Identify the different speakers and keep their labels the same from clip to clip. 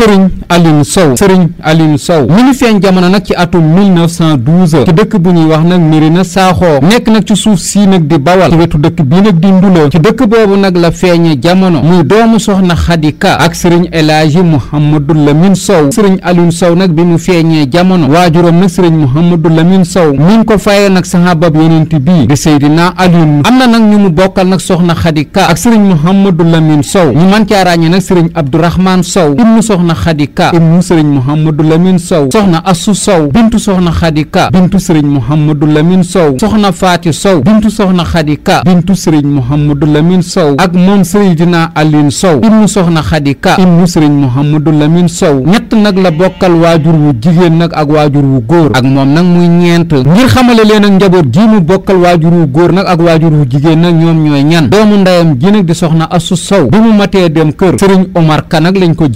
Speaker 1: Serigne Alioune Sow Serigne Alioune Sow mi ngi feeñ jamono nag ci atum 1912 ci dëkk bu ñuy wax nag na Sakho nekk nag ci suuf sii nag di bawal ci wetu dëkk bii nag di Ndoulo ci dëkk boobu nag la feeñee jamono muy doomu soxna Khady Ka ak Serigne El Hadji Mouhamadou Lamine Sow Serigne Alioune Sow nag bi mu feeñee jamono waajuram nag Serigne Mouhamadou Lamine Sow mi ngi ko fayee nag saxaabab yonent bii di Seydina Alioune am na nag ñu mu bokkal nag soxna Khady Ka ak Serigne Mouhamadou Lamine Sow ñu mën caa ràññee nag sëriñ Abdourahmane Sow ibnu soxna soxna xadi ka ummu sëriñ muhammadu lamin sow soxna assu sow bintu soxna xadi ka bintu sëriñ muhammadu lamin sow soxna faati sow bintu soxna xadi ka bintu sëriñ muhammadu lamin sow ak moom seydina alin sow ibnu soxna xadi ka ibnu sëriñ muhammadu lamin sow ñett nag la bokkal waajur wu jigéen nag ak waajur wu góor ak moom nag muy ñeent ngir xamale leen ak njaboot ji mu bokkal waajur wu góor nag ak waajur wu jigéen nag ñoom ñooy ñan doomu ndeyam ji nag di soxna assu sow bi mu matee dem kër sëriñ omar ka nag lañ ko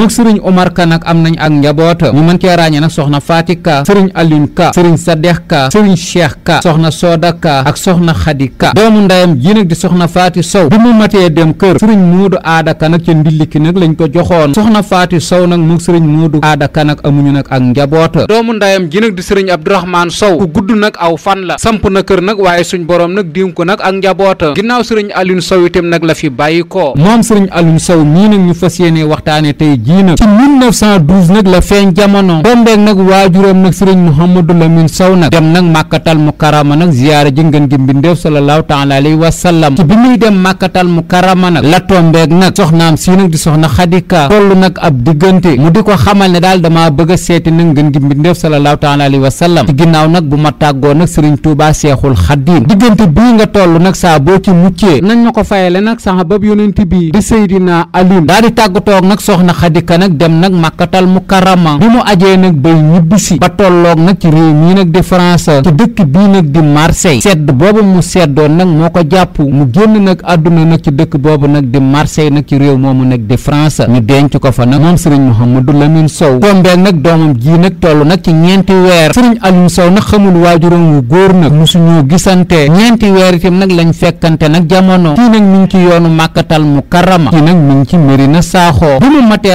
Speaker 1: mook sëriñ Omar Ka nag am nañ ak njaboot ñu mën cee ràññee nag soxna Faati Ka sëriñ Alioune Ka sëriñ Sadex Ka sëriñ Cheikh Ka soxna Soda Ka ak soxna Xadi Ka doomu ndayam ji nag di soxna Faati Sow bi mu sëriñ Moodu Ka nag ca ndilliki nag lañ ko joxoon soxna Faati Sow nag mook sëriñ Moodu Aada Ka nag amuñu nag ak njaboot doomu ndayam ji nag di sëriñ Abdourahmane Sow ku gudd nag aw fan la samp na kër nag waaye suñ borom nag diim ko nag ak njaboot ginnaaw sëriñ Alioune Sow itam nag la fi bàyyi ko moom sëriñ Alioune Sow mii nag ñu fas yéene waxtaane tey jii nag ci 1912 nag la feeñ jamono dombeek nag waajuram nag sëriñ Mouhamadou Lamine Sow nag dem nag màkkatal mu karama nag ziyaara ji ngeen gi mbindeef sallallahu taala alayhi wa sallam ci bi muy dem màkkatal mu karama nag la tombeek nag soxnaam sii nag di soxna xadika toll nag ab diggante mu di ko xamal ne daal damaa bëgg a seeti nag ngeen gi mbindeef sallallahu taala alayhi wa sallam ginnaaw nag bu ma tàggoo nag sëriñ Tuubaa Seexul Xadiim diggante bii nga toll nag saa boo ci muccee nañ ma ko fayale nag sax bab yonent bi di Seydina Aliou daal di tàggatoog nag soxna xadika dika nag dem nag màkkatal mukarama bi mu ajee nag bay ñibbisi ba tolloog nag ci réew mii nag di France ci dëkk bii nag di Marseille sedd boobu mu seddoon nag moo ko jàpp mu génn nag àdduna nag ci dëkk boobu nag di Marseille nag ci réew moomu nag di France ñu denc ko fa nag moom sëriñ Mouhamadou Lamine Sow tombeek nag doomam jii nag toll nag ci ñeenti weer sëriñ Aliou Sow nag xamul waajuram wu góor nag mu musuñoo gisante ñeenti weer itam nag lañ fekkante nag jamono kii ngi ci yoonu màkkatal mukarama kii nag mi ngi ci Mérina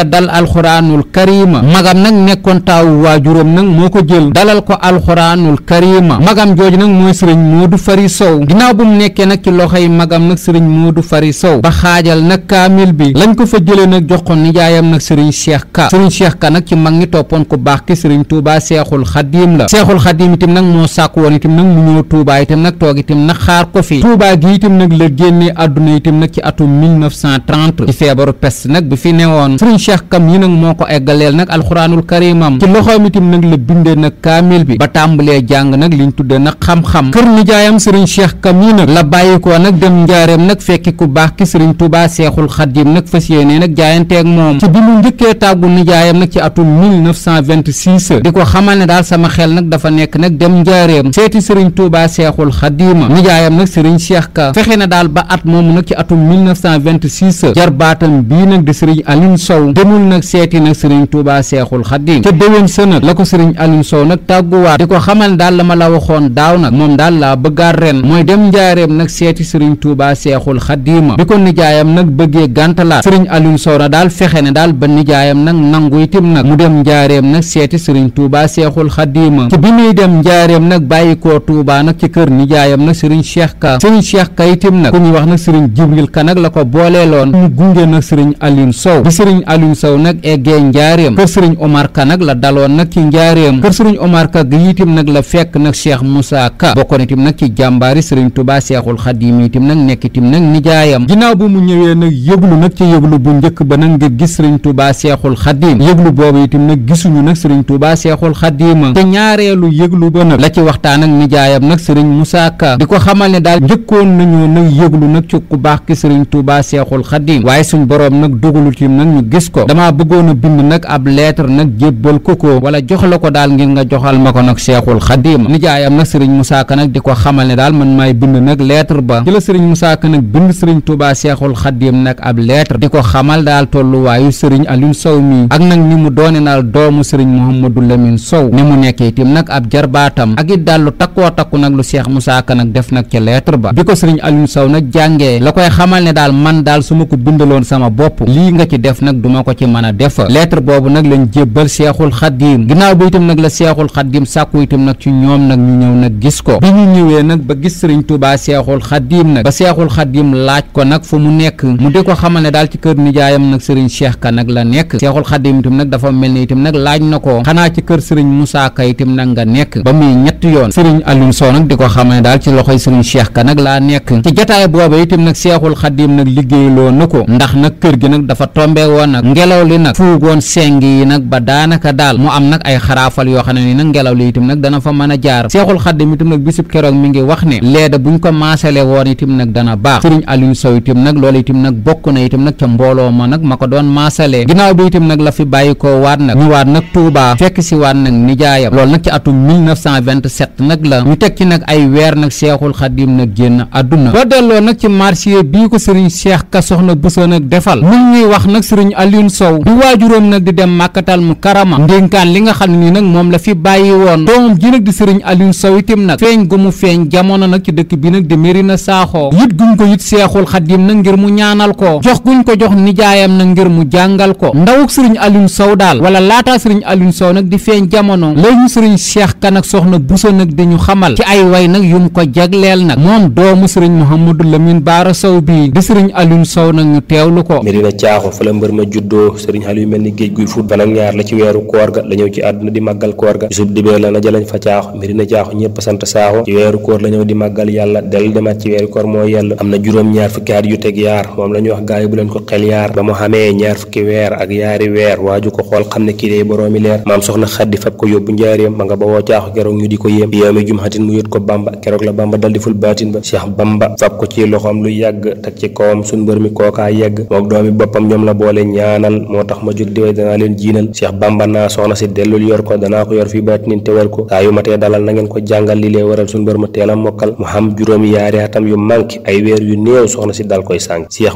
Speaker 1: dal alxuraanul karima magam nag nekkoon taawu waajuram nag moo ko jël dalal ko alxuraanul karima magam jooju nag mooy sëriñ Moodu Fari Sow ginnaaw bu mu nekkee nag ci loxoy magam nag sëriñ Moodu Fari Sow ba xaajal nag kaamil bi lañ ko fa jëlee nag jox ko nijaayam nag sëriñ Cheikh Ka sëriñ Cheikh Ka nag ci mag ñi toppoon ku baax ki sëriñ tuubaa Seexul Xadim la Seexul Xadim itam nag moo sàkk woon itam nag mu ñëw Touba itam nag toog itam nag xaar ko fi Touba gi itam nag la génnee àdduna itam nag ci atum 1930 ci feebaru peste nag bi fi newoon cheikh kam yi nag moo ko eggaleel nag alxuraanul karimam ci loxoom itam nag la bindee nag kaamil bi ba tàmbalee jàng nag liñ tuddee nag xam-xam kër nijaayam sëriñ cheikh kam yi nag la bàyyikoo nag dem njaareem nag fekki ku baax ki sëriñ tubaa seexul xadim nag fas yéenee nag jaayanteeg moom ci bi mu njëkkee tàggu nijaayam nag ci atum 1926 di ko xamal ne daal sama xel nag dafa nekk nag dem njaareem seeti sëriñ tubaa seexul xadima nijaayam nag sëriñ cheikh ka fexe na daal ba at moomu nag ci atum 1926 jarbaatam bii nag di sëriñ demul nag nag sëriñ Touba Seexul Xaddiim ca déwén sa nag la ko sëriñ Alioune Sow nag tàgguwaat di ko xamal daal la la waxoon daaw nag moom daal laa bëggaat ren mooy dem njaareem nag seeti seriñ Touba Seexul Xaddiima bi ko nijaayam nag bëggee gàntalaat sëriñ Alioune Sow na daal fexe ne daal ba nijaayam nag nangu itim nag mu dem njaareem nag seeti sëriñ tuuba Seexul Xaddiima ci bi muy dem njaareem nag bàyyi koo Touba nag ci kër nijaayam nag sëriñ Cheikh Ka sëriñ Cheikh Ka itim nag ku ñuy wax nag sëriñ Jibril Ka nag la ko booleeloon mu gunge nag sëriñ Alioune Sow bi sëriñ Alioune Serigne nag eggee njaareem kër Serigne omarka nag la daloon nag ci njaareem kër Serigne omarka Ka gi itam nag la fekk nag Cheikh Moussa Ka bokkoon itam nag ci jàmbaari Serigne Touba Cheikhul Khadim itam nag nekk itam nag nijaayam ginnaaw bu mu ñëwee nag yëglu nag ci yëglu bu njëkk ba nag ngir gis Serigne Touba Cheikhul Khadim yëglu boobu itam nag gisuñu nag Serigne Touba Cheikhul Khadim te ñaareelu yëglu ba nag la ci waxtaan ak nijaayam nag Serigne Moussa Ka di ko xamal ne daal njëkkoon nañoo nag yëglu nag ci ku baax ki Serigne tubaa seexul Khadim waaye suñ boroom nag dogalul itam nag ñu gis ko ko damaa bëggoon a bind nag ab lettre nag jébbal ko ko wala jox la ko daal ngir nga joxal ma ko nag Seexul Xadiim nijaayam nag sëriñ Moussa Ka nag di ko xamal ne daal man maay bind nag lettre ba ci la sëriñ Moussa Ka nag bind sëriñ Touba Seexul Xadiim nag ab lettre di ko xamal daal tolluwaayu sëriñ Aliou Sow mi ak nag ni mu doone daal doomu sëriñ Mouhamadou Lamine Sow ni mu nekkee itam nag ab jarbaatam ak it daal lu takkoo takku nag lu Seex Moussa Ka nag def nag ca lettre ba bi ko sëriñ Aliou Sow nag jàngee la koy xamal ne daal man daal su ma ko bindaloon sama bopp lii nga ci def nag duma ko ci mën a def lettre boobu nag lañ jébbal seexul xaddiim ginnaaw bi itam nag la seexul xaddiim sàkku itam nag ci ñoom nag ñu ñëw nag gis ko bi ñu ñëwee nag ba gis sëriñ tubaa seexul xaddiim nag ba seexul xaddiim laaj ko nag fu mu nekk mu di ko xamal ne daal ci kër nijaayam nag sëriñ Cheikh Ka nag la nekk seexul xaddiim itam nag dafa mel ni itam nag laaj na ko xanaa ci kër sëriñ Moussa Ka itam nag nga nekk ba muy ñett yoon sëriñ Alioune Sow nag di ko xamal ne daal ci loxoy sëriñ Cheikh Ka nag laa nekk ci jataay booba itam nag seexul xaddiim nag liggéeyloo na ko ndax nag kër gi nag dafa tombe ngelaw li nag fuugoon seng yi nag ba daanaka daal mu am nag ay xaraafal yoo xam ne nii nag ngelaw li itam nag dana fa mën a jaar seexul xaddim itam nag bisub keroog mi ngi wax ne leeda buñ ko maasale woon itam nag dana baax sëriñ Aliou Sow itam nag loolu itam nag bokk na itam nag ca mbooloo ma nag ma ko doon maasalee ginnaaw bi itam nag la fi bàyyi koo waat nag ñu waat nag Touba fekk si waat nag nijaayam loolu nag ci atum nag la ñu teg ci nag ay weer nag seexul xaddim nag génn àdduna boo delloo nag ci marché bii ko sëriñ Cheikh ka soxna Bousso nag defal mu ngi wax nag sëriñ Aliou Xaadim Sow bi waajuróom nag di dem màkkatal mu karama ndénkaan li nga xam ne nii nag moom la fi bàyyi woon doomam ji nag di sëriñ Aliou Sow itam nag feeñ gu mu feeñ jamono nag ci dëkk bi nag di Mérina Sakho yit guñ ko yit seexul xadim nag ngir mu ñaanal ko jox guñ ko jox nijaayam nag ngir mu jàngal ko ndawuk sëriñ Aliou Sow daal wala laata sëriñ Aliou Sow nag di feeñ jamono lañu sëriñ Cheikh Kan ak soxna Bousso nag di ñu xamal ci ay way nag yum ko jagleel nag moom doomu sëriñ
Speaker 2: Mouhamadou juddoo sëriñ Aliou mel ni géej guy fuut fan ak ñaar la ci weeru koor ga la ñëw ci àdduna di màggal koor ga bisub dibéer la na jalañ fa caaxu mbiri na caaxu ñëpp sant saaxo ci weeru koor la di màggal yàlla del demaat ci weeru koor moo yell am na juróom-ñaar fukki at yu teg yaar moom la wax gaay bu leen ko xel yaar ba mu xamee ñaar fukki weer ak yaari weer waaju ko xool xam ne kii dee boroomi leer maam soxna xaddi fab ko yóbbu njaareem ma nga ba la bamba dal di ful baatin ba cheikh bamba fab ko ci loxoom lu yàgg man moo tax ma jóg di way danaa leen jiinal Cheikh Bamba naa soxna si dellul yor ko danaa ko yor fi baatin te wer ko saa yu matee dalal na ngeen ko jàngal li lee waral suñ mbër ma teel a mokkal mu xam juróomi yaari atam yu manqué ay weer yu néew soxna si dal koy sànq Cheikh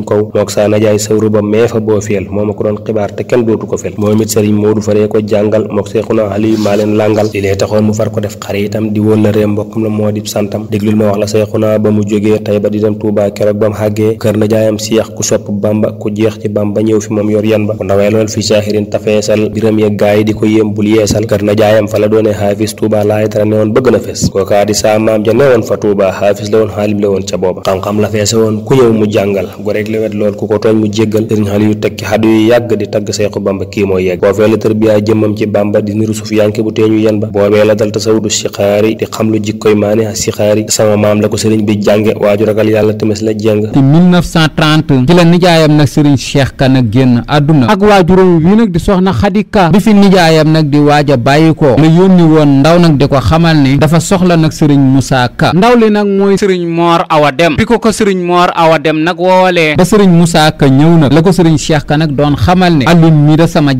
Speaker 2: moo ko dalal najaay sawru ba mee boo feel moo ma ko doon xibaar te kenn dootu ko fel moom it sëriñ Modou Faré ko jàngal mook Seexuna Aliyu maa leen làngal li lee taxoon mu far ko def xaritam di wóol na ree mbokkam moo di santam déglul ma wax la Seexuna ba mu jógee Tayba di dem Tuubaa ba mu xàggee kër na jaayam Seex ku sopp Bamba ku jeex ci Bamba ñëw fi moom yor yan ba ku ndawee lool fi saaxirin tafeesal biram ya gaay di ko yéem bul yeesal na jaayam fa la doone xaafis Tuubaa laay tara ne woon bëgg na fees kookaa di saa maam ja ne woon fa Tuubaa xaafis la woon xaalim la woon ca booba xam-xam la feese woon ku ñëw mu jàngal goreg lewet lool ku ko tooñ mu jéggal sëriñ Aliyu tekki xaddu yu yàgg di tagg Seexu Bamba kii moo yegg foofee la tërbiyaa jëmmam ci bàmba di niru sufiyanke bu teeñu yen ba boobee la dal tasawudu sixaari di xam lu jikkoy maane a sixaari sama maam la ko sëriñ bi jànge waaju ragal yàlla tamit la jàng
Speaker 1: ci 1930 ci la nijaayam nag sëriñ Cheikh Ka nag génn àdduna ak waajuram wi nag di soxna Xadi Ka bi fi nijaayam nag di waaj a bàyyi ko la yónni woon ndaw nag di ko xamal ne dafa soxla nag sëriñ Moussa Ka ndaw li nag mooy sëriñ Moor Awa Dem bi ko ko sëriñ Moor Awa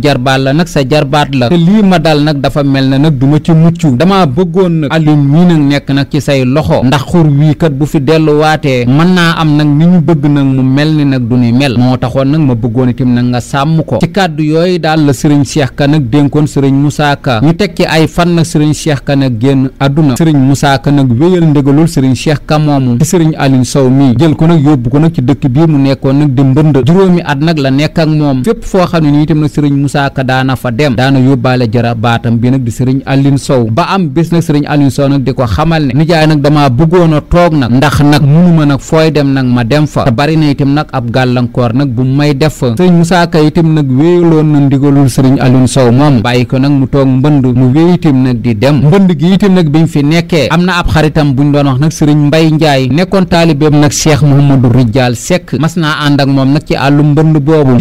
Speaker 1: jarbaat la nag sa jarbaat la te lii ma dal nag dafa mel na nag duma ci mucc dama bëggoon nag Alioune mii nag nekk nag ci say loxo ndax xur wii kat bu fi dellu waatee mën naa am nag ni ñu bëgg nag mu mel ni nag du ni mel moo taxoon nag ma bëggoon itam nag nga sàmm ko ci kàddu yooyu daal la sëriñ Cheikh Ka nag dénkoon sëriñ Moussa Ka ñu teg ay fan nag sëriñ Cheikh Ka nag génn àdduna sëriñ Moussa nag wéyal ndégalul sëriñ Cheikh Ka moomu ci sëriñ Alioune Sow mii jël ko nag yóbbu ko nag ci dëkk bii mu nekk Moussa Ka daana fa dem daana yóbbaale jara baatam bi nag di sëriñ Alioune Sow ba am bés nag sëriñ Alioune Sow nag di ko xamal ne nijaay nag damaa bëggoon a toog nag ndax nag munuma nag fooy dem nag ma dem fa te bari na itam nag ab gàllankoor nag bu mu may def fa sëriñ Moussa Ka itam nag wéyaloon na ndigalul sëriñ Alioune Sow moom bàyyi ko nag mu toog mbënd mu wéy itam nag di dem mbënd gi itam nag biñ fi nekkee am na ab xaritam bu ñu doon wax nag sëriñ Mbay Njaay nekkoon taalibeem nag Cheikh Mouhamadou Rijal Seck mas naa ànd ak moom nag ci àllu mbënd boobu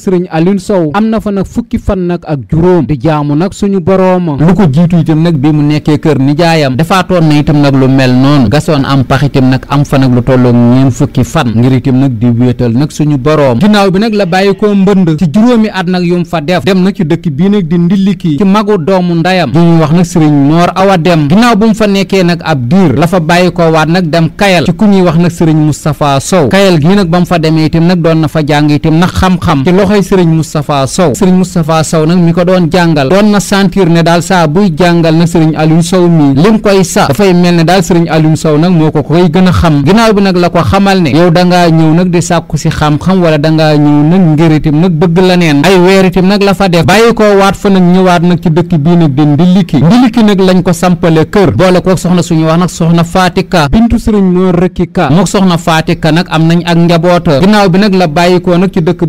Speaker 1: sëriñ Alioune Sow am na fa nag fukki fan nag ak juróom di jaamu nag suñu borooma lu ko jiitu itam nag bi mu nekkee kër nijaayam defaatoon na itam nag lu mel noonu gasoon am pax itam nag am fa nag lu tolloog ñeen fukki fan ngir itam nag di wéetal nag suñu boroom ginnaaw bi nag la bàyyi koo mbënd ci juróomi at nag yum fa def dem nag ci dëkk bii nag di ndilliki ci magu doomu ndayam di ñuy wax nag sëriñ Moor Awa Dem ginnaaw bu mu fa nekkee nag ab diir la fa bàyyi koo waat nag dem kayal ci ku ñuy wax nag sëriñ Moustapha Sow kayal gii nag ba mu fa demee itam nag doon na fa jàng itam nag loxoy sëriñ Moustapha Sow sëriñ Moustapha Sow nag mi ko doon jàngal doon na sentir ne daal saa buy jàngal na sëriñ Aliou Sow mi lim koy sa dafay mel ne daal sëriñ Aliou Sow nag moo ko koy gën a xam ginnaaw bi nag la ko xamal ne yow dangaa ñëw nag di sàkku si xam-xam wala dangaa ñëw nag ngir itam nag bëgg la neen ay weer itam nag la fa def bàyyi ko waat fa nag ñëwaat nag ci dëkk bii nag di ndiliki ndiliki nag lañ ko sampale kër boole ko soxna suñu wax nag soxna Fatika bintu sëriñ ka mook soxna Fatika nag am nañ ak njaboota ginnaaw bi nag la bàyyi ko nag ci dëkk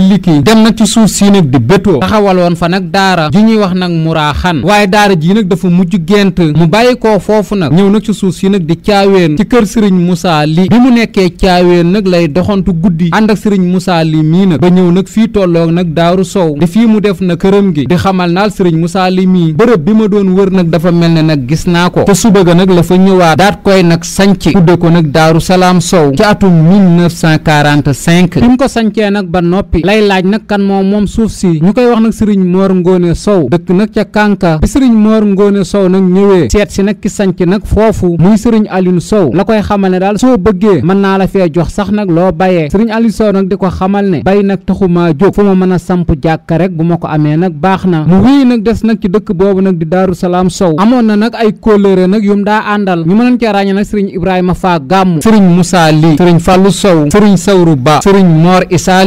Speaker 1: di liggéey dem nag ci suuf sii nag di bétoo taxawaloon fa nag daara ji ñuy wax nag muraaxan waaye daara jii nag dafa mujj gént mu bàyyi koo foofu nag ñëw nag ci suuf si nag di caaween ci kër sëriñ Moussa Ly bi mu nekkee caaween nag lay doxantu guddi ànd ak sëriñ Moussa Ly mii nag ba ñëw nag fii tolloog nag daaru sow di fii mu def na këram gi di xamal naa sëriñ Moussa Ly mii bërëb bi ma doon wër nag dafa mel na nag gis naa ko te suba ga nag la fa ñëwaat daat koy nag sanc tudde ko nag daaru salaam sow ci atum 1945 bi lay laaj nag kan moo moom suuf si ñu koy wax nag sëriñ moor Ngóone Sow dëkk nag ca Kànka bi sëriñ moor Ngóone Sow nag ñëwee seet si nag ki sanc nag foofu muy sëriñ Alioune Sow la koy xamal ne daal soo bëggee mën naa la fee jox sax nag loo bayee sëriñ Alioune Sow nag di ko xamal ne bay nag taxumaa jóg fu ma mën a samp jàkka rek bu ma ko amee nag baax na mu wéy nag des nag ci dëkk boobu nag di Daaru Salaam Sow amoon na nag ay kóllëre nag yum daa àndal ñu mënoon cee ràññee nag sëriñ Ibrahima Faa Gàmmu sëriñ Moussa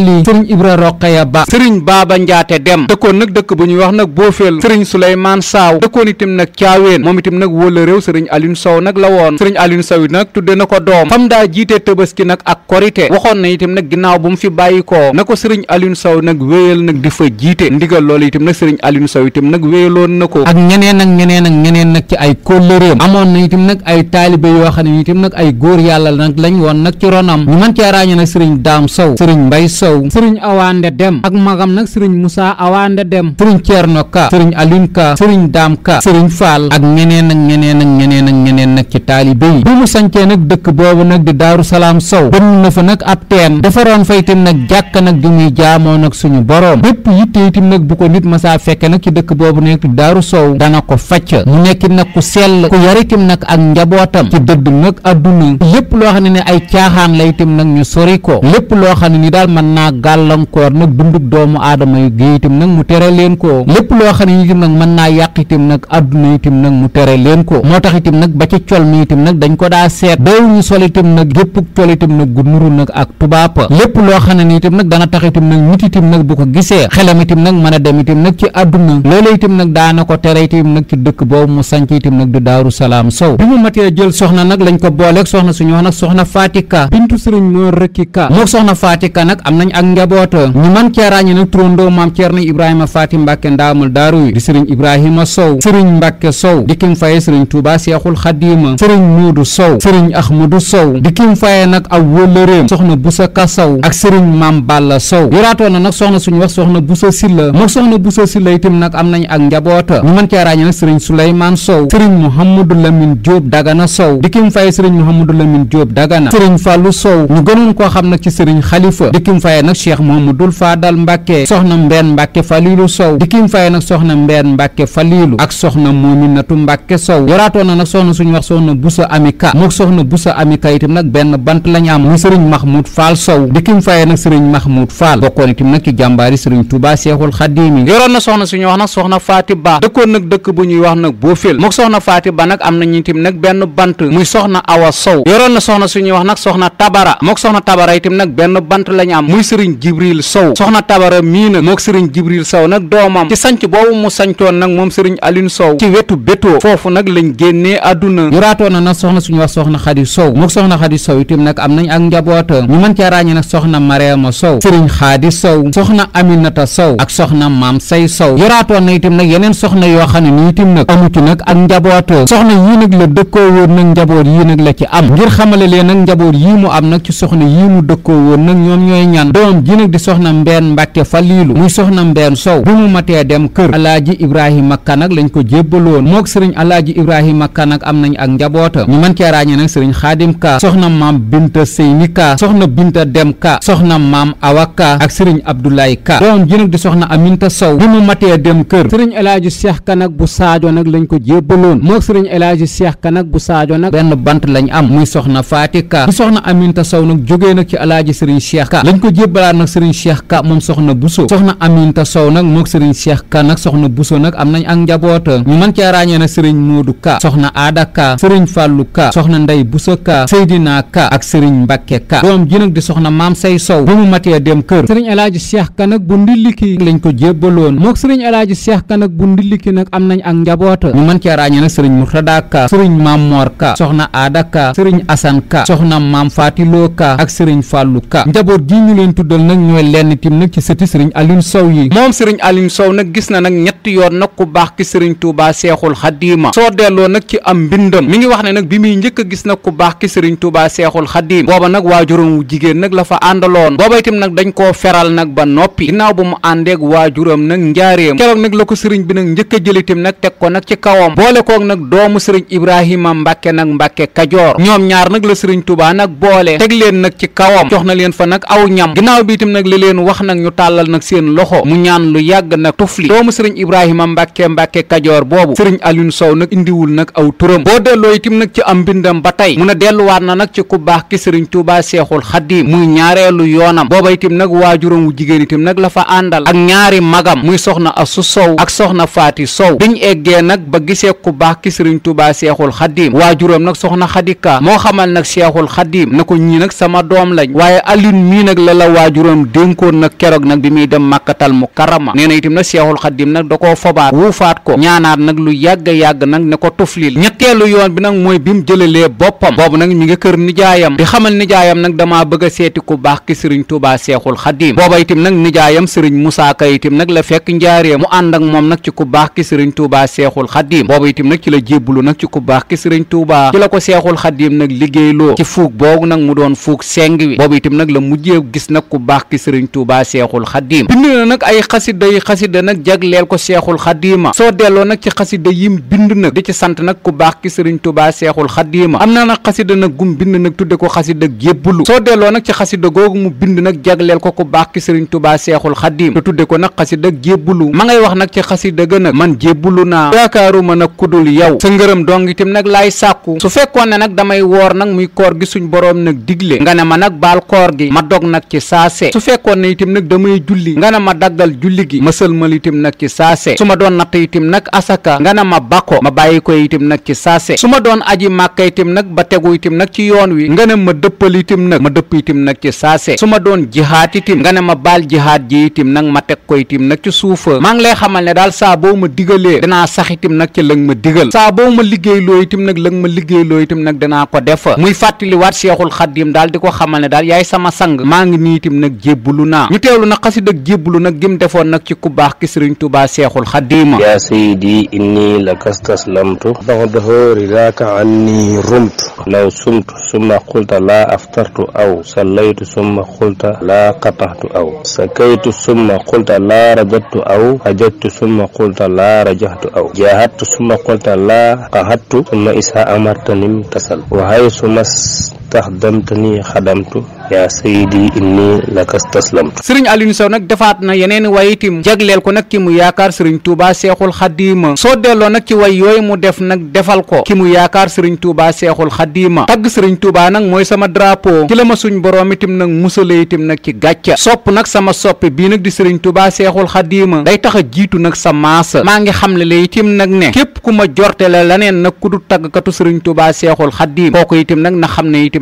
Speaker 1: Li soxna roqeya ba sëriñ baaba njaate dem dëkkoon nag dëkk bu ñuy wax nag boofeel sëriñ suleymaan saaw dëkkoon itam nag caaween moom itam nag wóola réew sëriñ alin sow nag la woon sëriñ alin sow it nag tudde na ko doom fam daa jiite tëbaski nag ak korite waxoon na itam nag ginnaaw bu mu fi bàyyi koo na ko sëriñ alin saw nag wéyal nag di fa jiite ndigal loolu itam nag sëriñ alin sow itam nag wéyaloon na ko ak ñeneen ak ñeneen ak ñeneen nag ci ay kóllëreem amoon na itam nag ay taalibe yoo xam ne itam nag ay góor yàlla nag lañ woon nag ci ronam ñu mën cee ràññe nag Awande Dem ak magam nag sëriñ Moussa Awande Dem sëriñ Thierno Ka sëriñ Alioune Ka sëriñ Dame Ka sëriñ Fall ak ñeneen ak ñeneen ak ñeneen ak ñeneen nag ci taalibe yi bi mu sancee nag dëkk boobu nag di Daaru Salaam Sow bënn na fa nag ab teen defaroon fa itam nag jàkk nag di jaamoo nag suñu boroom bépp yitte itam nag bu ko nit masaa fekke nag ci dëkk boobu nekk di Daaru Sow dana ko facc mu nekkit nag ku sell ku yaritim nag ak njabootam ci dëdd nag adduna lépp loo xam ne ne ay caaxaan la itam nag ñu koor nag dunduk doomu aadama yi gi itam nag mu tere leen ko lépp loo xam ne itam nag mu tere leen ko moo tax itam nag ba ci col mi itam ko daa seet dawuñu sol itam nag gépp col itam nag gu nuru nag ak tubaab lépp loo xam ne itam nag dana tax itam nag nit itam nag bu ko gisee xelam nag mën a dem itam nag ci adduna loola itam nag daana ko tere itam nag ci dëkk boobu mu sanc itam nag di daaru salaam sow bi mu matee jël soxna nag lañ ko booleeg soxna suñu wax nag soxna fatika bintu sëriñ moo rëkki ka moog soxna nañ ak ñu man cee ràññe nag turandoo maam Ceerno Ibrahima Faati Mbàkke ndaamul daaru wi di sëriñ Ibrahima Sow sëriñ Mbàkke Sow di kim faye sëriñ Tuuba Seexul Xadiima sëriñ Muudu Sow sëriñ Ahmadu Sow di kim faye nag aw wëllëreem soxna Busa Kasaw ak sëriñ Maam Balla Sow yoraatoo na nag soxna suñu wax soxna Busa Silla mook soxna Busa Silla itam nag am nañ ak njaboota ñu man cee ràññe nag sëriñ Suleymaan Sow sëriñ Muhammadu Lamin Jóob Dagana Sow di kim Mouhamadoul Fadal Mbacke soxna Mbène Mbacke Falilou Sow dikim fay nag soxna Mbène Mbacke Falilou ak soxna Mominatu Mbacke Sow yoraatoon na nag soxna suñu wax soxna Boussa Amika mook soxna Boussa Amika itam nag benn bant lañu am muy sëriñ Mahmoud Fall Sow dikim fay nag sëriñ Mahmoud Fall bokkoon itam nag ci jàmbaari sëriñ Touba Seexul Xadiimi yoroon na soxna suñu wax nag soxna Faati Ba dëkkoon nag dëkk bu ñuy wax nag Boofil mook soxna Faati Ba nag am na ñu itam nag benn bant muy soxna Awa Sow yoroon na soxna suñuy wax nag soxna Tabara mook soxna Tabara itam nag benn bant lañu am muy sëriñ Jibril Jibril Sow soxna tabara mii nag mook sëriñ Jibril Sow nag doomam ci sanc boobu mu sancoon nag moom sëriñ Alioune Sow ci wetu bétoo foofu nag lañ génnee àdduna ñu raatoona nag soxna suñu wax soxna Xadi Sow mook soxna Xadi Sow itam nag am nañ ak njaboota ñu mën cee ràññee nag soxna Mariama Sow sëriñ Xaadi Sow soxna Aminata yoraatoon na itam nag yeneen soxna yoo xam ne ni itam nag amu ci nag ak njaboota soxna yii nag la dëkkoo woon nag njaboot yii nag la ci am ngir xamale leen nag njaboot yii mu am nag ci soxna yii mu dëkkoo woon nag ñoom ñooy ñaan doom ji soxna Mbeen Mbàkke Faliilu muy soxna Mbeen Sow bu mu matee dem kër alaaji Ibrahima Kan ak lañ ko jébbaloon mook sëriñ alaaji Ibrahima Kan ak am nañ ak njaboota ñu mën cee ràññee nag sëriñ Xaadim Ka soxna maam Binta Seyni Ka soxna Binta Dem Ka soxna maam Awa Ka ak sëriñ Abdoulaye Ka doom ji nag di soxna Aminta Sow bu mu matee dem kër sëriñ alaaji Cheikh Kan ak bu Saajo nag lañ ko jébbaloon mook sëriñ alaaji Cheikh Kan ak bu Saajo nag benn bant lañ am muy soxna Faati Ka bu soxna Aminta Sow nag jógee nag ci alaaji sëriñ Cheikh Serigne Cheikh Ka moom soxna Bousso soxna Aminta Sow nag mook Serigne Cheikh Ka nag soxna Bousso nag am nañ ak njaboot ñu mën cee ràññee nag Serigne Modou Ka soxna Aada Ka Serigne Fallou Ka soxna Ndey Bousso Ka Seydina Ka ak Ka doom ji nag di soxna Maam Say Sow ba mu matee dem kër Serigne El Hadj Cheikh Ka nag bu ndilliki lañ ko jébbaloon mook Serigne El Hadj Cheikh Ka nag bu ndilliki nag am nañ ak njaboot ñu mën cee ràññee nag Serigne Murtada Ka Serigne Maam Mor Ka soxna Aada Ka Serigne Assane Ka soxna Maam Fatiloo Ka ak Serigne Fallou Ka njaboot gi ñu leen tuddal nag ñooy amee lenn tim nag ci sëti sëriñ Alioune Sow yi moom sëriñ Alioune Sow nag gis na nag ñetti yoon nag ku baax ki sëriñ Touba Seexul Xadiima soo delloo nag ci am mbindam mi ngi wax ne nag bi muy njëkk gis nag ku baax ki sëriñ Touba Seexul Xadiim booba nag waajuram wu jigéen nag la fa àndaloon booba itam nag dañ koo feral nag ba noppi ginnaaw bu mu àndeeg waajuram nag njaareem keroog nag la ko sëriñ bi nag njëkk a jëlitim nag teg ko nag ci kawam boole koog nag doomu sëriñ Ibrahima Mbàkke nag Mbàkke Kajoor ñoom ñaar nag la sëriñ Touba nag boole teg leen nag ci kawam li leen wax nag ñu tàllal nag seen loxo mu ñaan lu yàgg nag tufli doomu sëriñ ibrahima mbàkke mbàkke kajoor boobu sëriñ Alioune Sow nag indiwul nag aw turam boo delloo itam nag ci am mbindam ba tey mu ne delluwaat na nag ci ku baax ki sëriñ Touba seexul xaddiim muy ñaareelu yoonam booba itam nag waajuram wu jigéen itam nag la fa àndal ak ñaari magam muy soxna asu soow ak soxna faati sow biñ eggee nag ba gisee ku baax ki sëriñ Touba seexul xaddiim waajuram nag soxna xadika moo xamal nag seexul xaddiim na ko nag sama doom la dénkoon nag keroog nag bi muy da koo fobaat wuufaat ko ñaanaat nag lu yàgg-yàgg nag ne ko tuflil bi nag mooy bi mu jëlalee boppam boobu nag mi ngi kër nijaayam di xamal nijaayam nag damaa bëgg a seeti ku baax ki sëriñ tubaa seexul xaddim booba itam nag nijaayam sëriñ musaa ka itam nag la fekk njaaree mu ànd ak moom nag ci ku baax ki sëriñ tubaa seexul xaddim booba itam nag ci la jébbulu nag ci ku baax ki sëriñ tubaa ci la ko seexul xaddim nag liggéeyloo ci fuug boobu nag mu doon fuug seng wi boobu itam nag la mujjee gis nag ku baax ki sëriñ Touba Seexul Xaddiim bind na nag ay xasida yi xasida nag jagleel ko Seexul Xaddiima soo delloo nag ci xasida yim bind nag di ci sant nag ku baax ki sëriñ Touba Seexul Xaddiima am na nag xasida nag gum bind nag tudde ko xasida yébbalu soo delloo nag ci xasida googu mu bind nag jagleel ko ku baax ki sëriñ Touba Seexul Xaddiim te tudde ko nag xasida yébbalu ma ngay wax nag ci xasida ga nag man jébbalu naa yaakaaruma nag kudul yow sa ngërëm dong itam nag laay sàkku su fekkoon ne nag damay woor nag muy koor gi suñ boroom nag digle nga ne kon ne itam nag damay julli nga ne ma daggal julli gi ma sëlmal itam nag ci saase su ma doon natt itam nag asaka nga ne ma bako ma bàyyi ko itam nag ci saase su ma doon aji màkka itam nag ba tegu itam nag ci yoon wi nga ne ma dëppal itam nag ma dëpp itam nag ci saase su ma doon jihaat itam nga ne ma baal jihaat ji itam nag ma teg ko itam nag ci suufa maa ngi lay xamal ne daal saa boo ma digalee danaa sax itam nag ci lëng ma digal saa boo ma liggéey itam nag lëng ma liggéey itam nag danaa ko def muy fàttaliwaat seexul xaddim daal di ko xamal ne daal yaay sama sang maa ngi nii nag jéb jébbalu naa na teewlu nag xasida ak jébbalu nag gim defoon nag ci ku baax ki sëriñ Tuubaa
Speaker 2: Seexul Xadiima yaa sayidi inni lakastaslamtu baxdahu ridaaka anni rumtu law sumtu summa qulta laa aftartu aw sallaytu summa qulta laa qatahtu aw sakaytu summa qulta laa rajattu aw hajattu summa qulta laa rajahtu summa qulta amartanim tasal wa hay sumas taxdamtani xadamtu yaa sayidi inni laka staslamtu
Speaker 1: sëriñ Alioune Sow nag defaat na yeneen way itam jagleel ko nag ki mu yaakaar sëriñ Touba Seexul Xadiima soo delloo nag ci way yooyu mu def nag defal ko ki mu yaakaar sëriñ Touba Seexul Xadiima tagg sëriñ Touba nag mooy sama drapo ci la ma suñ boroom itam nag musale itam nag ci gàcca sopp nag sama soppe bii nag di sëriñ Touba Seexul Xadiima day tax a jiitu nag sa maasa maa ngi xam ne la itam nag ne képp ku ma jorte la laneen nag ku du taggkatu sëriñ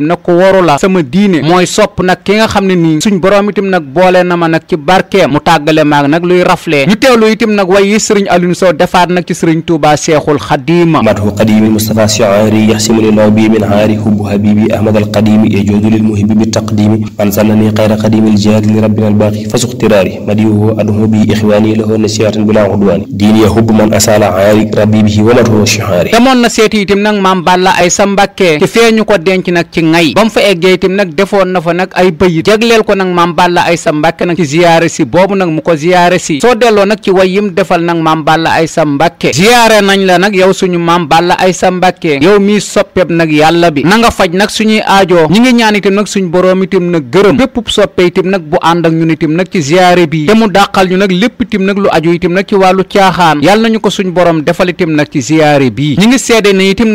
Speaker 1: itam nag sama diine mooy sopp nag ki nga xam ne nii suñ borom itam nag boole na ma nag ci barkeem mu tàggale maag nag luy raflee ñu teewlu itam nag
Speaker 2: way yi sëriñ Alioune Sow defaat nag ci sëriñ Touba Seexul Xadiima madahu qadimi Mustafa shi'ari yahsimuni law bi min aari hubbu habibi ahmad al qadimi yajudu e lil muhibbi bi taqdimi man sannani xayra qadimi al jaad li rabbina al baaqi fasuxtiraari madihu adhu bi ixwaani lahu nasihatan bila udwani
Speaker 1: na seeti itam nag ngay ba mu fa eggee itam nag defoon na fa nag ay bëyit jagleel ko nag maam Balla Aysa Mbàkke nag maam Balla Aysa Mbàkke ziyaare yow suñu maam Balla nag yàlla bi na nga faj nag suñuy aajoo ñi ngi ñaan itam nag suñ boroom itam nag gërëm bépp soppe itam nag bu ànd ak ñun itam nag ci ziyaare bi te mu dàqal ñu nag lépp itam nag lu aju itam nag ci wàllu caaxaan yàlla nañu ko suñ boroom defal itam na itam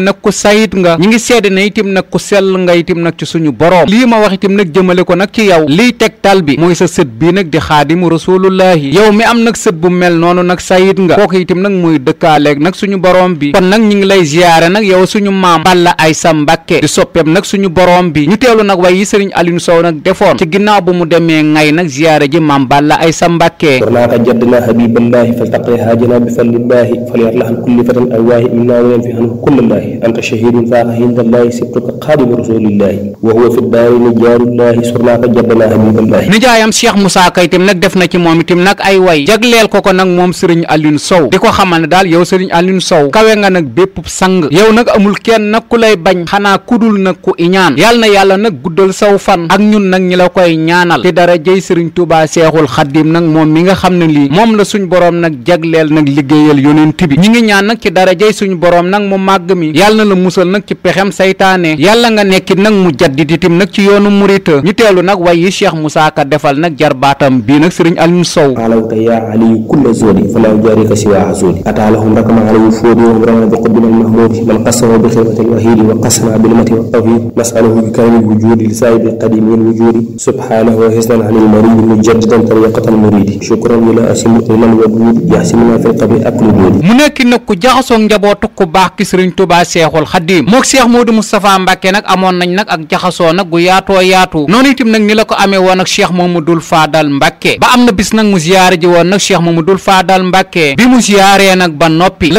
Speaker 1: ne ku sayit nga ñi ngi seede na itam ku sel sell nga itam nag ci suñu boroom lii ma wax itam nag jëmale ko nag ci yow liy tegtal bi mooy sa sët bii nag di xaadimu rasulullahi yow mi am nag sët bu mel noonu nag sayit nga kooku itam nag muy dëkkaaleeg nag suñu boroom bi kon nag ñu ngi lay ziyaare nag yow suñu maam Balla Aysa Mbàkke di soppeem nag suñu boroom bi ñu teelu nag way yi sëriñ Alioune Sow nag defoon ci ginnaaw bu mu demee ngay nag ziyaare ji maam Balla Aysa Mbàkke ornaaka jaddna habiballahi
Speaker 2: faltaqiha jana bi falillahi falyat lahan kulli fatan awaahi min naaween fi anhu kullallahi anta shahidun faaqa hindallahi sibtuka xaadim wa huwa fi daarini jaarullahi surlaaka jabbana habiballahi
Speaker 1: nijaayam cheikh moussa kay nag def na ci moom itam nag ay way jagleel ko ko nag moom sëriñ Alioune Sow di ko xamal ne daal yow sëriñ Alioune Sow kawe nga nag bépp sang yow nag amul kenn nag ku lay bañ xanaa kudul nag ku iñaan yàlla na yàlla nag guddal saw fan ak ñun nag ñi la koy ñaanal ci dara jëy sëriñ Touba Seexul Xaddim nag moom mi nga xam ne lii moom la suñ boroom nag jagleel nag liggéeyal yonent bi ñi ngi ñaan nag ci dara suñ boroom nag mu màgg mi yàlla na la musal nag ci pexem saytaane nga nag mu jaddid nag ci yoonu murit ñu teelu nag way yi cheikh defal nag
Speaker 2: jarbaatam bii nag sëriñ Aliou Sow alawta yaa aliyu kulla zoni falaa jaarika siwaa zoni ataalahum rakama aliyu fóodihum rama bi qudbil mahmudi man qassama bi xidmatil wahidi wa qassana bil mati wa tawhid nasaluhu bi kaamil wujudi li saahibil qadimil wujudi subhanahu wa hisnan anil maridi mujaddidan tariqatal muridi shukran wala asimu liman wadud yaxsimuna fil qabri ak lududi
Speaker 1: mu nekki nag ku jaxasoo njabootu ku baax ki sëriñ Tuubaa Seexul Xadiim mook Seex Moodu Mustafaa Mbàkke nag nag amoon nañ nag ak jaxasoo nag gu yaatoo yaatu noonu itam nag ni la ko amee woon ak cheikh mamadul faadal mbàkke ba am na bis nag mu ziyaare ji woon nag cheikh mamadul mu ziyaaree ba noppi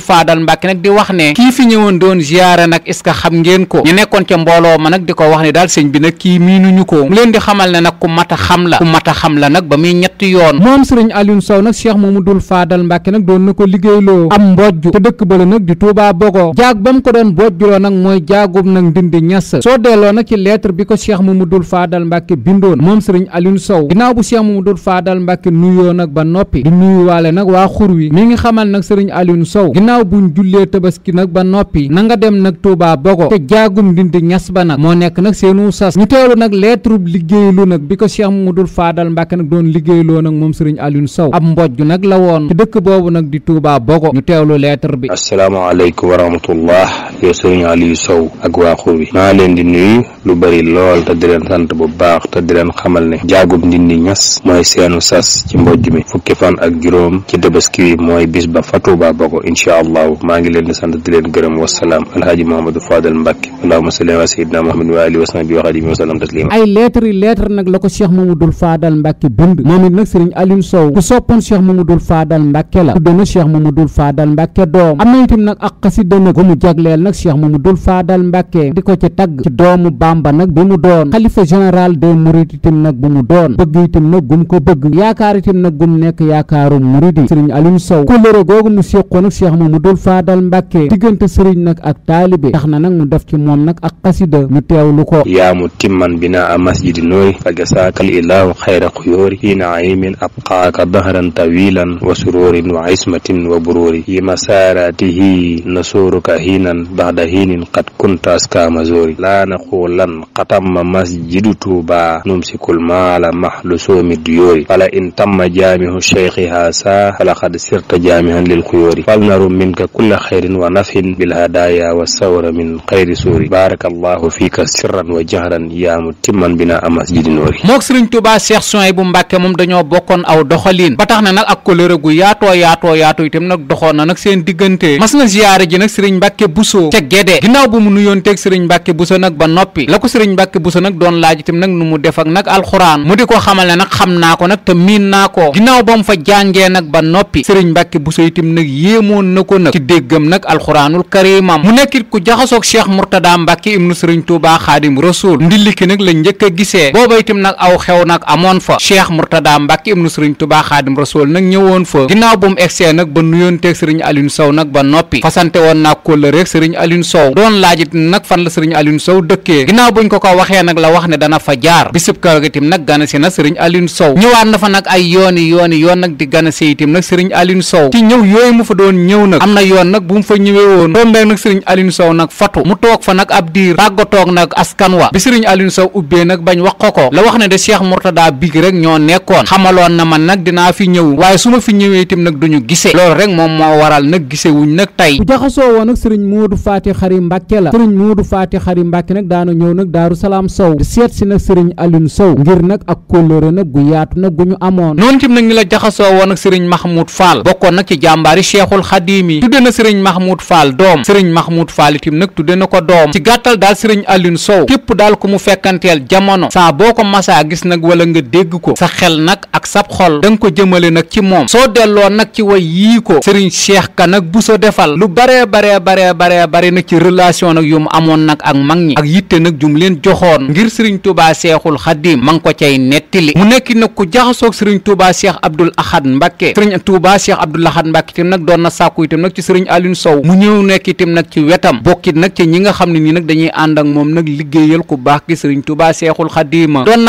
Speaker 1: faadal mbàkke nag di wax ne kii fi ñëwoon doon ziyaare nag est-ce que xam ngeen ko nekkoon ca mbooloo ma nag di ko wax ne daal sëñ bi nag kii miinuñu ko mu leen di xamal ne nag ku mat a xam la ku a xam la nag ba muy ñetti yoon moom sëriñ Alioune Sow nag cheikh mamadul faadal mbàkke nag doon na ko liggéeyloo am mbojj te dëkk bala nag di Touba Bogo jaag ba mu ko doon bojjuloo nag mooy jaagub nag ndindi ñas soo delloo nag ci lettre bi ko cheikh mamadul faadal mbàkke bindoon moom sëriñ Alioune Sow ginnaaw bu cheikh mamadul faadal mbàkke nuyoo nag ba noppi di nuyuwaale nag waa xur wi mi ngi xamal nag sëriñ Alioune Sow ginnaaw buñ jullee tabaski nag ba noppi na nga dem nag Touba Bogo te jaagum ndindi ñas ba nag moo nekk nag seenu sas ñu teewlu nag lettre liggéeylu nag bi ko cheikh mamadul faadal mbàkke nag doon liggéeyloo nag moom sëriñ alin Sow ab mbojj nag la woon ci dëkk boobu nag di Touba Bogo ñu teewlu lettre bi
Speaker 2: asalaamaaleykum wa rahmatullah yow sëriñ Aliou Sow ak waa xur wi maa leen di nuyu lu bari lool te di leen sant bu baax te di leen xamal ne jaagub ndindi ñas mooy seenu sas ci mboj mi fukki fan ak juróom ci tabaski wi mooy bis ba fa ba ko incha allahu maa ngi leen di sant di leen gërëm wasalaam alhaaji Mouhamadou Fadel Mbacke allahuma salli ala sayidina Muhammad wa alihi wa sahbihi wa xadimi
Speaker 1: ay lettre yi lettre la ko Cheikh Mamadou Fadel Mbacke bind moom it nag sëriñ Aliou Sow ku soppoon Cheikh Mamadou Fadel Mbacke la tudde na Cheikh Mamadou na itam nag ko mu jagleel nag cheikh mamadul faadal mbàkke di ko ci tagg ci doomu bamba nag bi mu doon xalifa général des mourides itam nag bu mu doon bëgg itam nag gum ko bëgg yaakaar itam nag gum nekk yaakaaru muridi sëriñ Aliou Sow kulëre googu mu séqoon nag cheikh mamadul faadal mbàkke diggante sëriñ nag ak taalibe tax na nag mu def ci moom nag ak xasida ñu teewlu ko
Speaker 2: yaa mu timman binaa a masjidi nuuri fa jasaakal ilaahu xayra xuyoori fii naimin abqaaka bahran tawilan wa sururin wa ismatin wa buruuri yi masaaratihi nasuruka hiinan baxda hiinin xat kuntaas kaama zoori laa na xuulan xatamma masjidu tuuba numsikul maala maxlu soomi duyoori fala in tamma jaamihu cheikhiha saa fala xad sirta jaamihan lil xuyoori fal narum minka kulla xeyrin wa nafin bil hadaya wa sawra min xeyri suuri baraka allahu fiika sirran wa jahran yaa mu timman bina a masjidi noori
Speaker 1: mook sëriñ tuuba cheikh soy bu mbàkke moom dañoo bokkoon aw doxaliin ba tax na nag ak kolëre gu yaatoo yaatoo yaatu itam nag doxoon na nag seen diggante ko ca Gédé ginnaaw bu mu nuyoon sëriñ Mbàkke Buso nag ba noppi la ko sëriñ Mbàkke Buso nag doon laaj itam nag nu mu def ak nag alxuraan mu di ko xamal ne nag xam naa ko nag te miin naa ko ginnaaw ba mu fa jàngee nag ba noppi sëriñ Mbàkke Buso itam nag yéemoon na ko nag ci déggam nag alxuraanul karimam mu nekkit ku jaxasoog Cheikh Murtada Mbàkke ibnu sëriñ Tuubaa Xaadim Rasuul liki nag la njëkk a gisee booba itam nag aw xew nag amoon fa Cheikh Murtada Mbàkke ibnu sëriñ Tuubaa Xaadim Rasuul nag ñëwoon fa ginnaaw bu mu egsee nag ba nuyoon teeg sëriñ Aliou Sow nag ba Alioune Sow doon laajit nag fan la sëriñ Alioune Sow dëkkee ginnaaw buñ ko ko waxee nag la wax ne dana fa jaar bisub kaw itam nag gane na sëriñ Alioune Sow ñëwaat na fa nag ay yooni yooni yoon nag di gane si itam nag sëriñ Alioune Sow ci ñëw yooyu mu fa doon ñëw nag am na yoon nag bu mu fa ñëwee woon tombeeg nag sëriñ Alioune Sow nag fatu mu toog fa nag ab diir toog nag askan wa bi sëriñ Alioune Sow ubbee nag bañ wax ko ko la wax ne de Cheikh Mourtada big rek ñoo nekkoon xamaloon na man nag dinaa fi ñëw waaye su ma fi ñëwee itam nag duñu gisee loolu rek moom moo waral nag gisee nag faati xari mbàkke la sëriñ muudu faati xari mbàkke nag daana ñëw nag daaru salaam sow di seet si nag sëriñ alin sow ngir nag ak kóllëre nag gu yaatu nag gu ñu amoon noonu tim nag ni la jaxasoo woon ak sëriñ mahmoud fall bokkoon nag ci jàmbaari cheikhul xadim yi tudde na sëriñ mahmoud fall doom sëriñ mahmoud fall itim nag tudde na ko doom ci gàttal daal sëriñ alin sow képp daal ku mu fekkanteel jamono saa boo ko masaa gis nag wala sab xol da nga ko jëmale nag ci moom soo delloo nag ci way yii ko sëriñ Cheikh Ka nag bu so defal lu baree baree baree baree bari nag ci relation nag yu mu amoon nag ak mag ñi ak yitte nag jum leen joxoon ngir sëriñ Touba Seexul Xadim ma ngi ko cay nettali mu nekk nag ku jaxasoog sëriñ Touba Cheikh Abdoul Ahad Mbacké sëriñ Touba Cheikh Abdoul Ahad Mbacké itam nag doon na sàkku itam nag ci sëriñ Alioune Sow mu ñëw nekk itam nag ci wetam bokkit nag ci ñi nga xam ne nii nag dañuy ànd ak moom nag liggéeyal ku baax ki sëriñ Touba Seexul Xadim doon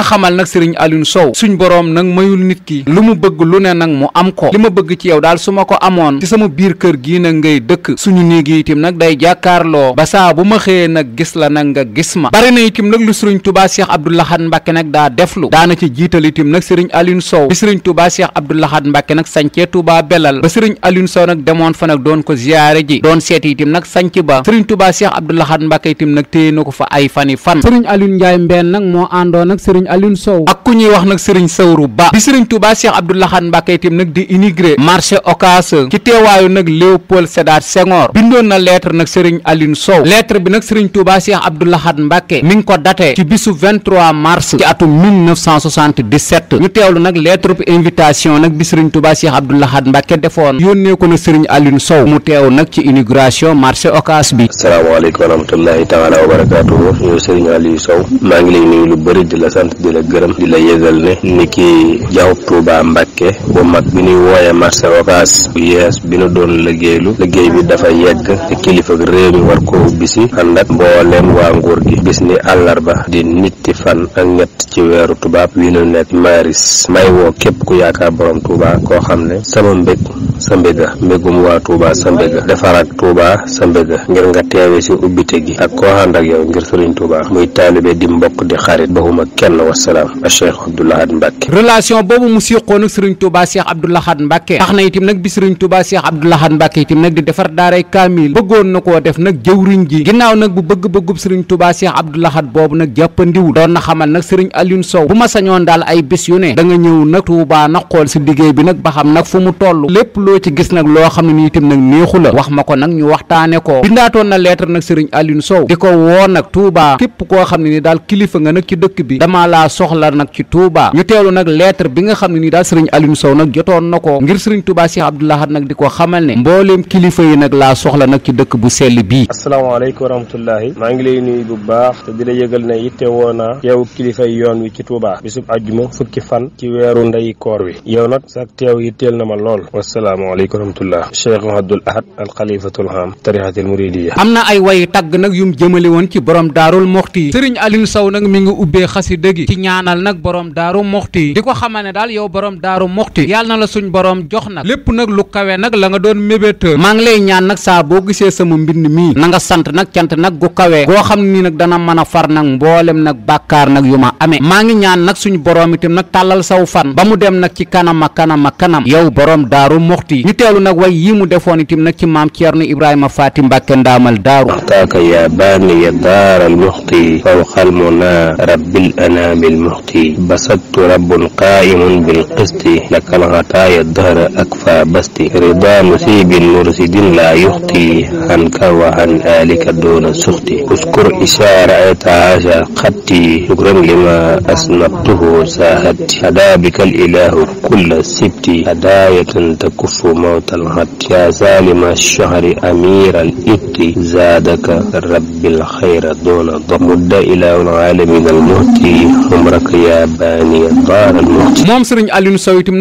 Speaker 1: nit ki lu mu bëgg lu ne nag mu am ko li ma bëgg ci yow daal su ma ko amoon ci sama biir kër gii nag ngay dëkk suñu néeg yi itam nag day jàkkaarloo ba saa bu ma xëyee nag gis la nag nga gis ma bari na itam nag lu sëriñ tubaa seex abdou lahad mbàkke nag daa deflu daana ci jiital itam nag sëriñ Alioune Sow bi sëriñ tubaa seex abdou lahad mbàkke nag sancee tubaa belal ba sëriñ Alioune Sow nag demoon fa nag doon ko ziyaare ji doon seeti itam nag sanc ba sëriñ tubaa seex abdou lahad mbàkke itam nag téye na ko fa ay fani fan sëriñ Alioune Njaay Mbeen nag Serigne Touba Cheikh Abdoul Ahad Mbacké itam nag di inaugurer marché Ocass ci teewaayu nag Léopold Sédar Senghor bindoon na lettre nag Serigne Aline Sow lettre bi nag Serigne Touba Cheikh Abdoul Ahad Mbacké mi ngi ko daté ci bisu 23 mars ci atum 1977 ñu teewlu nag lettre bu invitation nag bi Serigne Touba Cheikh Abdoul Ahad defoon yónnee ko na Serigne Aline Sow mu teew nag ci inauguration marché Ocass bi.
Speaker 2: asalaamaaleykum wa rahmatulahi taala wa barakaatuhu yow Serigne Aliou Sow maa ngi lay nuyu lu bëri di la sant di la ginnaaw Touba Mbacke bu mag bi ñuy wooye marché Ocass bu yees bi nu doon liggéeylu liggéey bi dafa yegg te kilifa réew mi war ko ubbi si ànd ak mbooleem waa nguur gi gis ni àllarba di nitti fan ak ñett ci weeru tubaab wi nu nekk maris may woo képp ku yaakaar borom Touba koo xam ne sama mbég sa mbéga mbégum waa Touba sa mbéga defaraat Touba sa mbéga ngir nga teewe si ubbite gi ak koo ànd ak yow ngir Sëriñ Touba muy taalibe di mbokk di xarit baxuma kenn wasalaam a Cheikh Abdoul Ahad
Speaker 1: boobu mu séqoon ak sëriñ Touba Cheikh Abdou Lahad tax na itam nag bi sëriñ Touba Cheikh Abdou Lahad Mbacke nag di defar daaray kaamil bëggoon na koo def nag jëwriñ ji ginnaaw nag bu bëgg-bëggub sëriñ Touba Cheikh Abdou boobu nag jàppandiwul doon na xamal nag sëriñ Alioune Sow bu ma sañoon daal ay bis yu ne da nga ñëw nag Touba nag xool si liggéey bi nag ba xam nag fu mu toll lépp loo ci gis nag loo xam ne ni itam nag neexu la wax ma ko nag ñu waxtaane ko bindaatoon na lettre nag sëriñ Alioune Sow di ko woo nag Touba képp koo xam ne ni daal kilifa nga nag bi dama laa soxla nag ci Touba ñu teewlu nga xam ne nii daal sëriñ Alioune Sow nag jotoon na ko ngir sëriñ Touba Cheikh Abdoul Ahad nag di ko xamal ne mbooleem kilifa yi nag laa soxla nag ci dëkk bu sell bii
Speaker 2: asalaamaaleykum wa rahmatullahi maa ngi lay nuyu bu baax te di la yëgal ne itte woo naa yow kilifa yi yoon wi ci Touba bisub ajjuma fukki fan ci weeru ndey koor wi yow nag sax teew yitteel na ma lool wasalaamaaleykum wa rahmatullah Cheikh Abdoul Ahad al xalifatul ham tariqatil muridiyya am
Speaker 1: na ay way tagg nag yum jëmale woon ci borom daarul moxti sëriñ Alioune Sow nag mi ngi ubbee xasida gi ci ñaanal nag borom daaru moxti di ko xamal ne daal yow borom daaru muxti yàlla na la suñ borom jox nag lépp nag lu kawe nag la nga doon mébéta maa ngi lay ñaan nag saa boo gisee sama mbind mii nanga sant nag cant nag gu kawe goo xam ni nag dana mën far nag mboolem nag bakkaar nag yu ma amee maa ngi ñaan nag suñ borom itam nag tàllal saw fan ba mu dem nag ci kanama a kanam a kanam yow borom daaru muxti ñu teelu nag way yi mu defoon itam nag ci maam Ceerno Ibrahima Faati Mbàkke ndaamal daaru
Speaker 2: axtaaka ya baaniya daaral muxti fawqal muna rabbil anaamil قائم بالقسط لك الغطايا الدهر أكفى بستي رضا مسيب مرسد لا يخطي عنك وعن آلك دون سخطي اذكر إشارة تعاشى خطي شكرا لما أسنبته ساهدت هدا بك الإله كل سبت هداية تكف موت الغد يا سالم الشهر أمير الإبت زادك ربي bil xayra doona damudda ilahul alamin al muhti umrak ya bani daaral muhti
Speaker 1: moom sëriñ Alioune Sow itam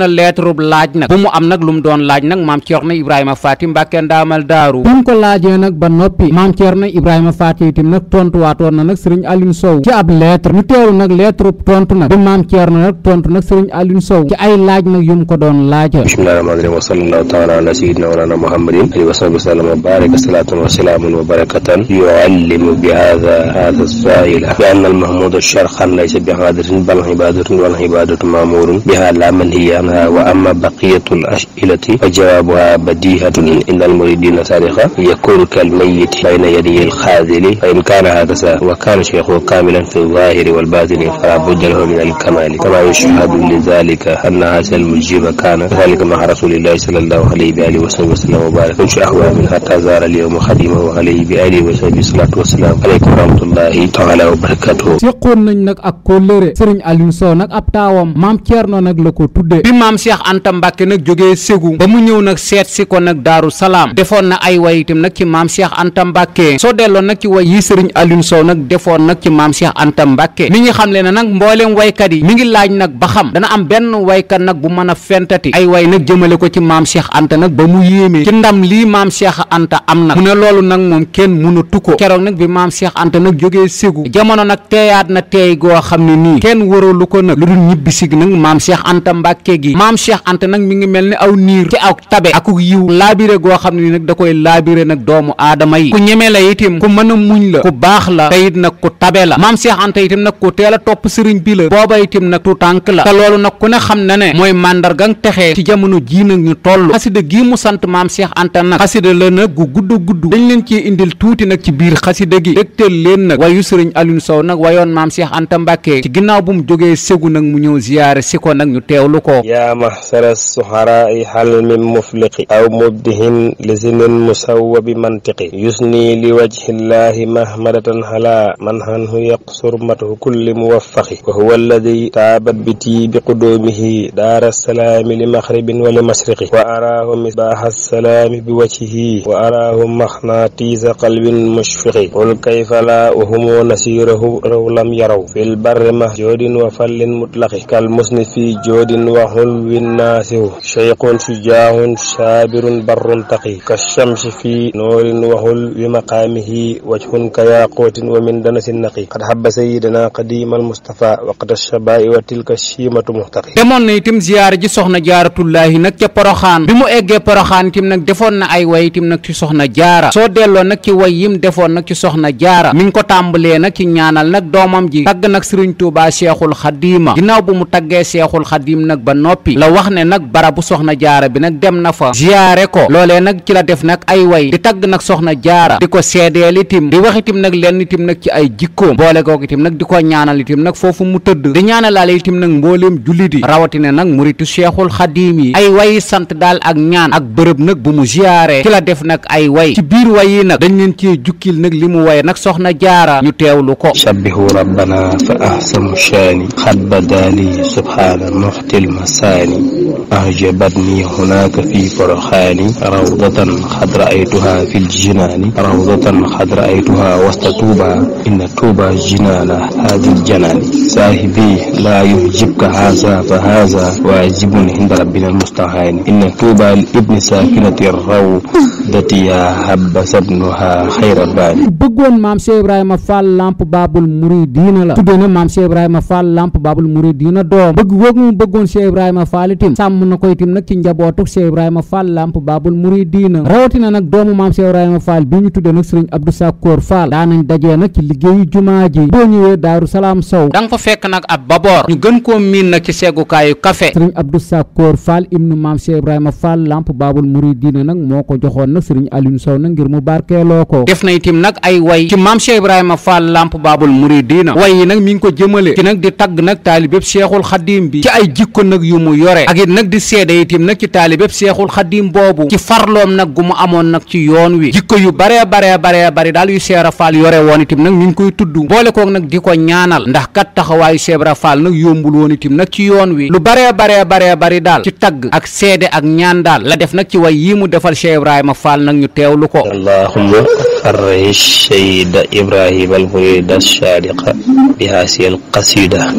Speaker 1: na leetarub laaj nag bu mu am nag lu mu doon laaj nag maam Ceerno Ibrahima Faati Mbàkke ndaamal daaru bu mu ko laajee nag ba noppi maam Ceerno Ibrahima Faati itam nag tontuwaatoon na nag sëriñ Alioune Sow ci ab lettre ñu teewlu nag lettrub tontu nag bi maam Ceerno nag tontu nag sëriñ Alioune Sow ci ay laaj nag yu mu ko doon laaja bismillahi
Speaker 2: rahmaani rahim wa sallallahu taala ala sayyidina wa lana muhammadin alihi wa sahbihi wa sallam wa baraka salaatan wa salaamun wa barakatan يعلم بهذا هذا السائل بأن المحمود شرخا ليس بعادة بل عبادة والعبادة مأمور بها لا منهي عنها وأما بقية الأسئلة فجوابها بديهة إن المريدين صارخة يكون كالميت بين يدي الخاذل فإن كان هذا وكان شيخه كاملا في الظاهر والباطن فلا بد له من الكمال كما يشهد لذلك أن هذا المجيب كان ذلك مع رسول الله صلى الله عليه وآله وسلم وبارك إن شاء من حتى زار اليوم خديمه عليه بآله وسلم alayhi salaatu wasalaam aleykum
Speaker 1: nañ nag ak kóllëre sëriñ Aliou Sow nag ab taawam maam Thierno nag la ko maam Cheikh Anta nag jógee Ségou ba mu ñëw nag seet si ko nag Daaru Salaam defoon na ay way nag ci maam Cheikh Anta soo delloon nag ci way yi sëriñ Aliou Sow nag defoon nag ci maam Cheikh Anta Mbacke xam ne nag mbooleem waykat yi mi ngi laaj nag ba xam dana am benn waykat nag bu mën a fentati ay way nag jëmale ko ci maam Cheikh Anta nag ba mu loolu nag moom kenn mënatu jur ko keroog nag bi maam Cheikh Anta nag jógee Ségou jamono nag teeyaat na teey goo xam ne nii kenn waralu ko nag lu dul ñibbi sig nag maam Cheikh Anta Mbàkke gi maam Cheikh Anta nag mi ngi mel ni aw niir ci ak tabe ak yiw goo xam ne nii nag da koy laabire nag doomu aadama yi ku ñeme la itim ku mën a muñ la ku baax la te it nag ku tabe la maam Cheikh Anta itim nag ku teel a topp sëriñ bi la booba itim nag tutànk la te loolu nag ku ne xam na ne mooy màndargang texee ci jamono ji nag ñu toll xasida gii mu sant maam Cheikh Anta nag xasida la nag gu gudd ci biir xasida gi dégteel leen nag wayu sëriñ Alioune Sow nag wayoon maam Cheikh Anta Mbacke ci ginnaaw bu mu jógee ségu nag mu ñëw ziyaare si ko nag ñu teewlu ko
Speaker 2: yaa mahsara suxaraai xal min mufliqi aw mubdihin li sinin musawwabi mantiqi yusni li wajhillahi mahmadatan xala man hanhu yaqsur matahu kulli muwaffaqi wa huwa alladi taabat biti bi qudoomihi daara salaami li maxribin wa li mashriqi wa araahu misbaaha salaami bi wajhihi wa araahu maxnaatiisa qalbin mushfiqi qul kayfa laa wahumu nasiirahu raw lam yaraw fil barri mahjoodin wa fallin mutlaqi kal musni fi joodin wa xulwin naasihu cheyqun sujaahun saabirun barrun taqi ka chamsi fi noorin wa xulwi maqaamihi wajhun ka yaaqootin wa min danasin naqi qad habba sayidana qadima almustafa waqta shabaa'i wa tilka chiimatu muhtaqi
Speaker 1: demoon na itam ziyaara ji soxna jaaratullaahi nag ca defoon nag ci soxna jaara mi ngi ko tàmbalee nag ci ñaanal nag doomam ji tagg nag sëriñ tuubaa seexul xadiima ginnaaw bu mu taggee seexul xadiim nag ba noppi la wax ne nag barabu soxna jaara bi nag dem na fa ziyaare ko loolee nag ci la def nag ay way di tagg nag soxna jaara di ko seedeel itim di wax itim nag lenn itim nag ci ay jikkoom boole googu itim nag di ko ñaanal itim nag foofu mu tëdd di ñaanalaale itim nag mbooleem jullit yi rawatina nag muritu seexul xadiim yi ay way sant daal ak ñaan ak bërëb nag mu ziyaare ci la jukkil nag li mu waye nag
Speaker 2: soxna jaara ñu teewlu ko sabbihu rabbana fa ahsanu shaani xad badaali subhaana muxtil masaani أعجبتني هناك في فرحان روضة قد رأيتها في الجنان روضة قد رأيتها وسط طوبى إن طوبى جنان هذه الجنان صاحبي لا يعجبك هذا فهذا واجب عند ربنا المستعان إن طوبى لابن ساكنة الروضة يا هبس ابنها خير ñi
Speaker 1: bëggoon maam Cheikh Ibrahima Fall lamp baabul muridiina la tuddee na maam Cheikh Ibrahima Fall lamp baabul muridiina doom bëgg woog mu bëggoon Cheikh Ibrahima Fall itim sàmm na ko itim nag ci njabootu Cheikh Ibrahima Fall lamp baabul muridiina rawatina nag doomu maam Cheikh Ibrahima Fall bi ñu tuddee nag sëriñ Abdou Sakkoor Fall daanañ dajee nag ci liggéeyu ji boo ñëwee Salaam Sow da nga fekk nag ab baboor gën koo miin nag ci seggukaayu café sëriñ Abdou Sakkoor Fall ibnu maam Cheikh Ibrahima Fall lamp baabul nag moo ko joxoon nag sëriñ Aliou Sow nag ngir mu barkeeloo ko def na na itim nag ay way ci maam Cheikh Ibrahima Fall Lamp Baabul Muridina way yi nag mi ngi ko jëmale ci nag di tagg nag taalibeb Cheikhul Xadim bi ci ay jikko nag yu mu yore ak it nag di seede itim nag ci taalibeb Cheikhul Xadim boobu ci farloom nag gu mu amoon nag ci yoon wi jikko yu baree baree baree bari daal yu Cheikh faal yore woon itim nag mi ngi koy tudd boole koog nag di ko ñaanal ndax kat taxawaayu Cheikh Ibrahima faal nag yombul woon itim nag ci yoon wi lu baree baree baree bari daal ci tagg ak seede ak ñaan daal la def nag ci way yi mu defal Cheikh Ibrahima Fall nag ñu teewlu ko
Speaker 2: sheyda ibrahima almurida alshadiqa bi haasi alqasida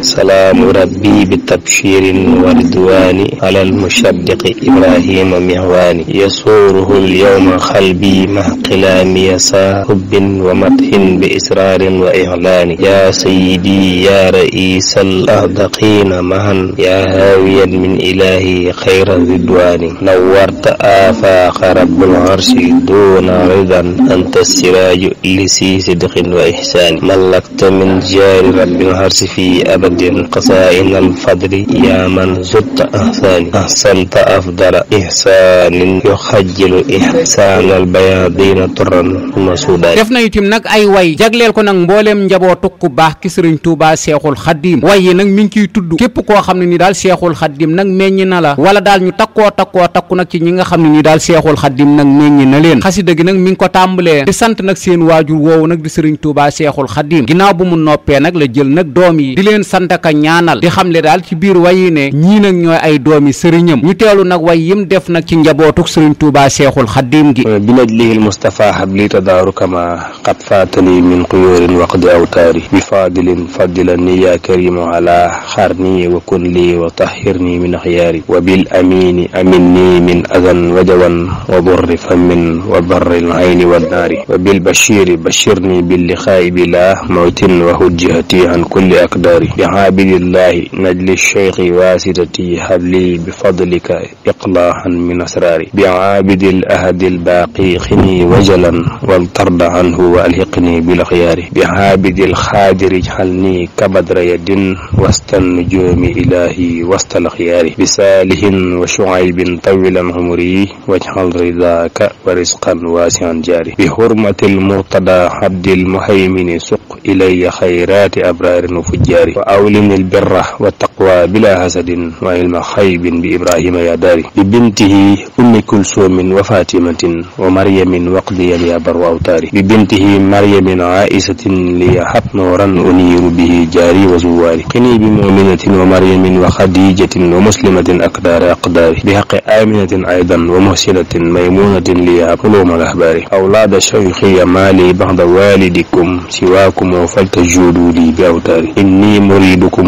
Speaker 2: salaamu rabbi bi tabshirin wa ridwani ala almushaddiqi ibrahima mihwani yasuruhu alyawma qalbi mahqilami yasa hubbin wa madhin bi israarin wa ihlaani ya sayyidi ya raisa alahdaqina mahan ya haawiyan min ilahi khayra ridwani nawarta afaqa rabbul arshi duna ridan anta siraaju li si sidqin wa ihsaani malakta min jaari rabbil harsi fi abadin qasaa'ina alfadli yaa man zutta ahsaani ahsanta afdala ihsaanin yuxajjilu ihsaan albayaadina turan suma suudaani def
Speaker 1: na itim nag ay way jagleel ko nag mbooleem njabootu ku baax ki sëriñ Tuubaa Seexul Xaddiim way yi nag mi ngi ciy tudd képp koo xam ne ni daal Seexul Xaddiim nag meññ na la wala daal ñu takkoo takkoo takku nag ci ñi nga xam ne ni daal Seexul Xaddiim nag meññ na leen xasida gi nag mi ko tàmm tàmbalee di sant nag seen waajur woowu nag di sëriñ Touba Seexul Xadim naa bu mu noppee nag la jël nag doom yi di leen santa ak ñaanal di le daal ci biir wayi ne ñii nag ñooy ay yi sëriñam ñu teelu nag way yim def
Speaker 2: nag ci njabootuk
Speaker 1: sëriñ Touba Seexul Xadim
Speaker 2: gi binajlihil Mustafa habli tadaaru kama qad faatani min quyoorin waqdi awtaari bi faadilin fadilani ya karima ala xarni wa kun li wa tahhirni min axyaari wa bil amini aminni min adan wajawan wa durri famin wa barril ayni النار وبالبشير بشرني باللقاء بلا موت وهجهتي عن كل أقدار بعابد الله نجل الشيخ واسدتي هب لي بفضلك إقلاعا من أسراري بعابد الأهد الباقي قني وجلا والطرد عنه وألحقني بالخيار بعابد الخادر اجعلني كبدر يد وسط النجوم إلهي وسط الخيار بساله وشعيب طولا عمري واجعل رضاك ورزقا واسعا جاري bi xurmatil murtada xabdil muhaymini suq ilayya xayraati abraarin wa fujjaari wa awlimil birra wa taqwa bila hasadin wa ilma xaybin bi ibrahima ya daari bi bintihi ummi kulsumin wa fatimatin wa maryamin waqdiyan ya bar wa awtaari bi bintihi maryamin aisatin li hab nooran uniiru bihi jaari wa zuwaari qini bi muminatin wa maryamin wa xadijatin wa muslimatin akdaari aqdaari bi xaqi aminatin aydan wa muhsinatin maymunatin li hab uluma al ahbaari baada shayxi maali baxda waalidikum siwaakumu faltajuudu lii bi awtaari inni ku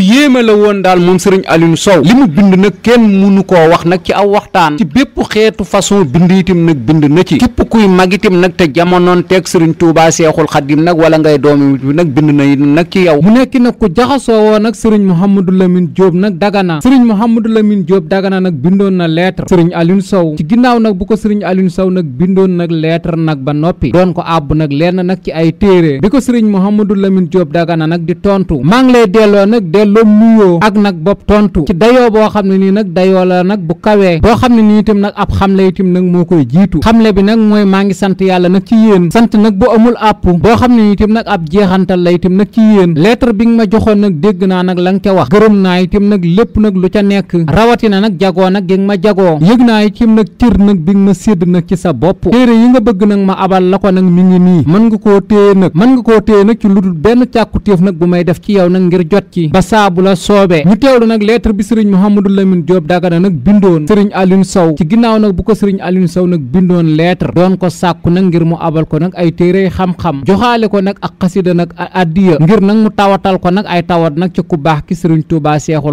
Speaker 1: yéeme la woon daal moom sëriñ Alioune Sow li mu bind nag kenn munu ko wax nag ci aw waxtaan ci bépp xeetu façon bind itam nag bind na ci képp kuy mag itam nag te te teeg sëriñ Tuubaa Seexul Xadiim nag wala ngay doomi bi nag bind na nag ci yow mu nekk nag ku jaxasoo woon sëriñ Mouhamadou Lamine Diop nag Dagana sëriñ Mouhamadou Lamine Diop Dagana nag bindoon na leer lettre sëriñ Aliou Sow ci ginnaaw nag bu ko sëriñ Aliou Sow nag bindoon nag lettre nag ba noppi doon ko àbb nag lenn nag ci ay téere bi ko sëriñ Mouhamadou Lamine Diop Dagana nag di tontu maa ngi lay delloo nag delloo nuyoo ak nag bopp tontu ci dayoo boo xam ne nii nag dayoo la nag bu kawee boo xam ne nii itam nag ab xamle itam nag moo koy jiitu xamle bi nag mooy maa ngi sant yàlla nag ci yéen sant nag bu amul àpp boo xam ne nii itam nag ab jeexantal la itam nag bi nga ma joxoon nag dégg naa la nga ca wax gërëm naa itam nag lépp ko yëg naa itam nag cër nag bi nga ma sédd nag ci sa bopp téere yi nga bëgg nag ma abal la ko nag mi ngi nii mën nga koo téye nag mën nga koo téye nag ci lu dul benn càkkutéef nag bu may def ci yow nag ngir jot ci ba saabu la soobee ñu teewlu nag lettre bi sëriñ Mouhamadou Lamine Diop Dagana nag bindoon sëriñ Alioune Sow ci ginnaaw nag bu ko sëriñ Alioune Sow nag bindoon lettre doon ko sàkku nag ngir mu abal ko nag ay téere xam-xam joxaale ko nag ak xasida nag addiya ngir nag mu tawatal ko nag ay tawat nag ku baax ki sëriñ Touba Seexul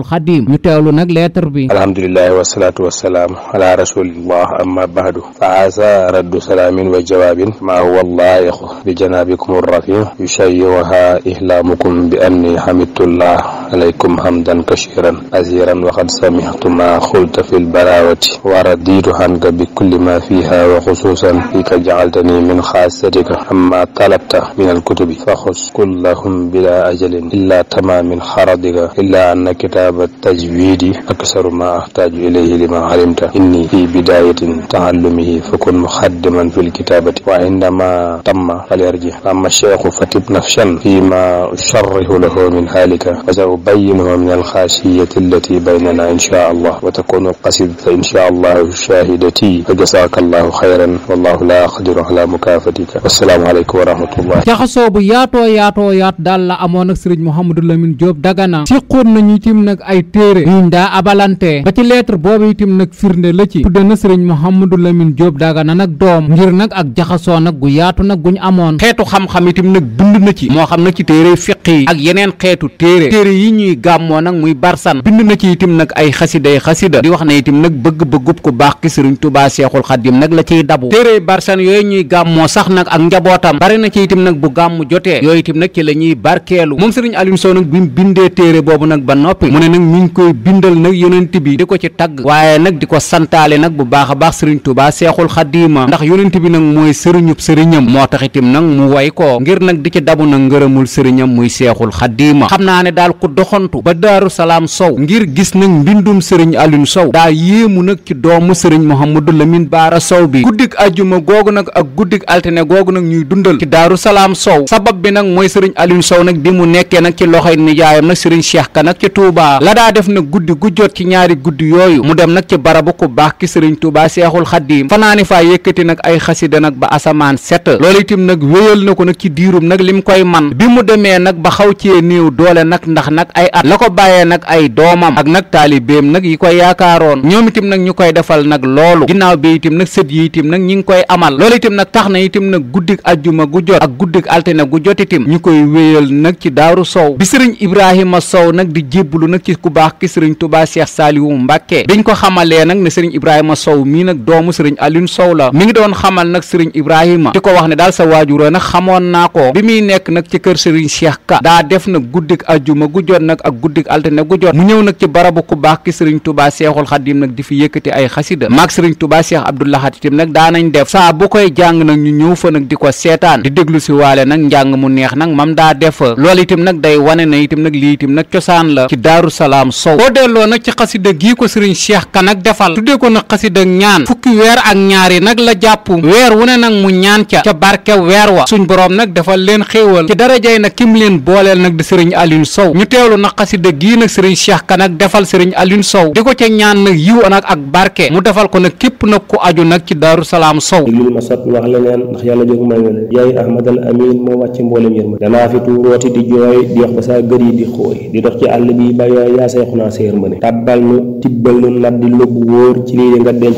Speaker 2: والسلام على رسول الله أما بعد فعسى رد سلام وجواب ما هو اللائق بجنابكم الرفيع يشيعها إهلامكم بأني حمدت الله عليكم حمدا كثيرا أزيرا وقد سمعت ما قلت في البراوة ورديت عنك بكل ما فيها وخصوصا فيك جعلتني من خاصتك عما طلبت من الكتب فخص كلهم بلا أجل إلا تمام خرضك إلا أن كتاب التجويد أكثر ما أحتاج إليه لما علمت إني في بداية تعلمه فكن مخدما في الكتابة وعندما تم فليرجع أما الشيخ فتب نفسا فيما أشره له من حالك فسوف وبينها من الخاشية التي بيننا إن شاء الله وتكون القصيدة إن شاء الله شاهدتي فجزاك الله خيرا والله لا أقدر على مكافتك والسلام عليكم ورحمة
Speaker 1: jaxasoo bu yaatoo yaatoo yaat daal la amoon ak sëriñ Mouhamadou Lamine Diop Dagana siqoon nañu itam nag ay téere yuñ daa abalante ba ci lettre boobu itam nag firnde la ci tudde na sëriñ Mouhamadou Lamine Diop Dagana nag doom ngir nag ak jaxasoo nag gu yaatu nag guñ amoon xeetu xam-xam itam nag dund na ci moo xam na ci téere fiq yi ak yeneen xeetu téere téere yi gi ñuy gàmmoo muy barsan bind na ci itim nag ay xasiday xasida di wax ne itim nag bëgg-bëggub ku baax ki sëriñ tubaa nag la ciy dabu téere barsan yooyu ñuy gàmmoo sax nag ak njabootam bari na ci itim nag bu gàmm jotee yooyu itim nag ci la ñuy barkeelu moom sëriñ Alioune Sow nag bi mu bindee téere boobu nag ba noppi mu ne nag mi ngi koy bindal nag yonent bi di ko ci tagg waaye nag di ko santaale nag bu baax a baax sëriñ tubaa seexul xadima ndax yonent bi nag mooy sëriñub sëriñam moo tax itim nag mu woy ko ngir nag di ci dabu nag ngërëmul sëriñam muy seexul xadima doxantu ba daaru salaam sow ngir gis nag mbindum sëriñ Alioune Sow daa yéemu nag ci doomu sëriñ Mouhamadou Lamine Baara Sow bi guddik ajjuma googu nag ak guddik altine googu nag ñuy dundal ci daaru salaam sow sabab bi nag mooy sëriñ Alioune Sow nag di mu nekkee nag ci loxoy nijaayam nag sëriñ Cheikh Ka nag ci Touba la daa def nag guddi gu jot ci ñaari guddi yooyu mu dem nag ci barabu ku baax ki sëriñ Touba Seexul Xaddiim fanaani faa yëkkati nag ay xasida nag ba asamaan set loolu nag wéyal ko nag ci diirum nag lim koy man bi mu demee nag ba xaw cee néew doole nag ndax nag ay at la ko bàyyee nag ay doomam ak nag taalibeem nag yi koy yaakaaroon ñoom itam nag ñu koy defal nag loolu ginnaaw bi itam nag sët yi itam nag ñi ngi koy amal loolu itam nag tax na itam nag guddik ajjuma gu jot ak guddik altine gu jot itam ñu koy wéyal nag ci daaru sow bi sëriñ ibrahima sow nag di jiblu nag ci ku baax ki sëriñ tubaa seex saaliwu mbàkke biñ ko xamalee nag ne sëriñ ibrahima sow mii nag doomu sëriñ alin sow la mi ngi doon xamal nag sëriñ ibrahima di ko wax ne daal sa waajuroo nag xamoon naa ko bi muy nekk nag ci kër sëriñ seex jot nag ak guddik altine gu jot mu ñëw nag ci barabu ku baax ki sëriñ tubaa seexul xadim nag di fi yëkkati ay xasida maag sëriñ tubaa seex abdul ahad itam nag daanañ def saa bu koy jàng nag ñu ñëw fa nag di ko seetaan di déglu si waale nag njàng mu neex nag mam daa def loolu itam nag day wane na itam nag lii itam nag cosaan la ci daaru sow boo delloo nag ci xasida gii ko sëriñ seex ka nag defal tuddee ko nag xasida ñaan fukki weer ak ñaari la jàpp weer wu ne mu ñaan ca ca barke wa suñ boroom nag defal leen xéewal ci darajay nag kim leen booleel nag di sëriñ Aliou teewlu nag xasida gii nag sëriñ Cheikh Ka nag defal sëriñ Alioune Sow di ko ca nag ko nag nag ci
Speaker 2: Daaru Salaam Sow lil ma sat wax leneen ndax yàlla jógu may wene yaay ahmadal amin moo wàcc mboolem ma danaa fi tuurooti di jooy di wax ba saa gër yi di xooy di dox ci àll bi ba yaa ma ne tàbbal nu tibbal nu nat di lóbbu wóor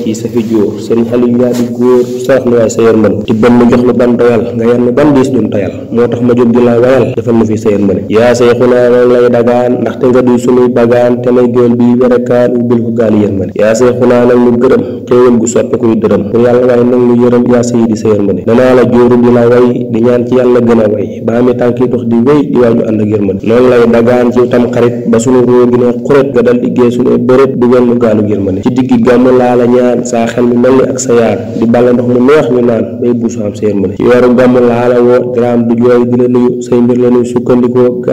Speaker 2: yi sa fi jóor sëriñ Aliou yaa di góor sarax nu sa yér mën tibbal nu jox nu ban doyal nga yer nu ban diis dun tayal moo tax ma jóg di la wayal defal nu fi sa yér mëne yaa say xunaa lay dagaan ndaxte nga duy sunuy bagaan te may géwél bi werekaan ubbil ko gaali yërmande yaa say xunaa nag nu gërëm xéewal gu soppe kuy dërëm pour yàlla waaye nag nu yërëm yaa say di sa yërmande danaa la jooru di la way di ñaan ci yàlla gën a way ba ami tànki dox di wéy di waaju ànd ak yërmande noonu lay dagaan ci tam xarit ba sunu róo gi ne xuret nga dal liggéey sunu bërëb dugal nu gaalu yërmande ci diggi gàmm laa la ñaan saa xel mu mel ni ak sa yaar di balla ndox mu neex ñu naan bay sa yërmande ci weeru gàmm la woo diraam du jooy di la nuyu say mbir la nuy sukkandikoo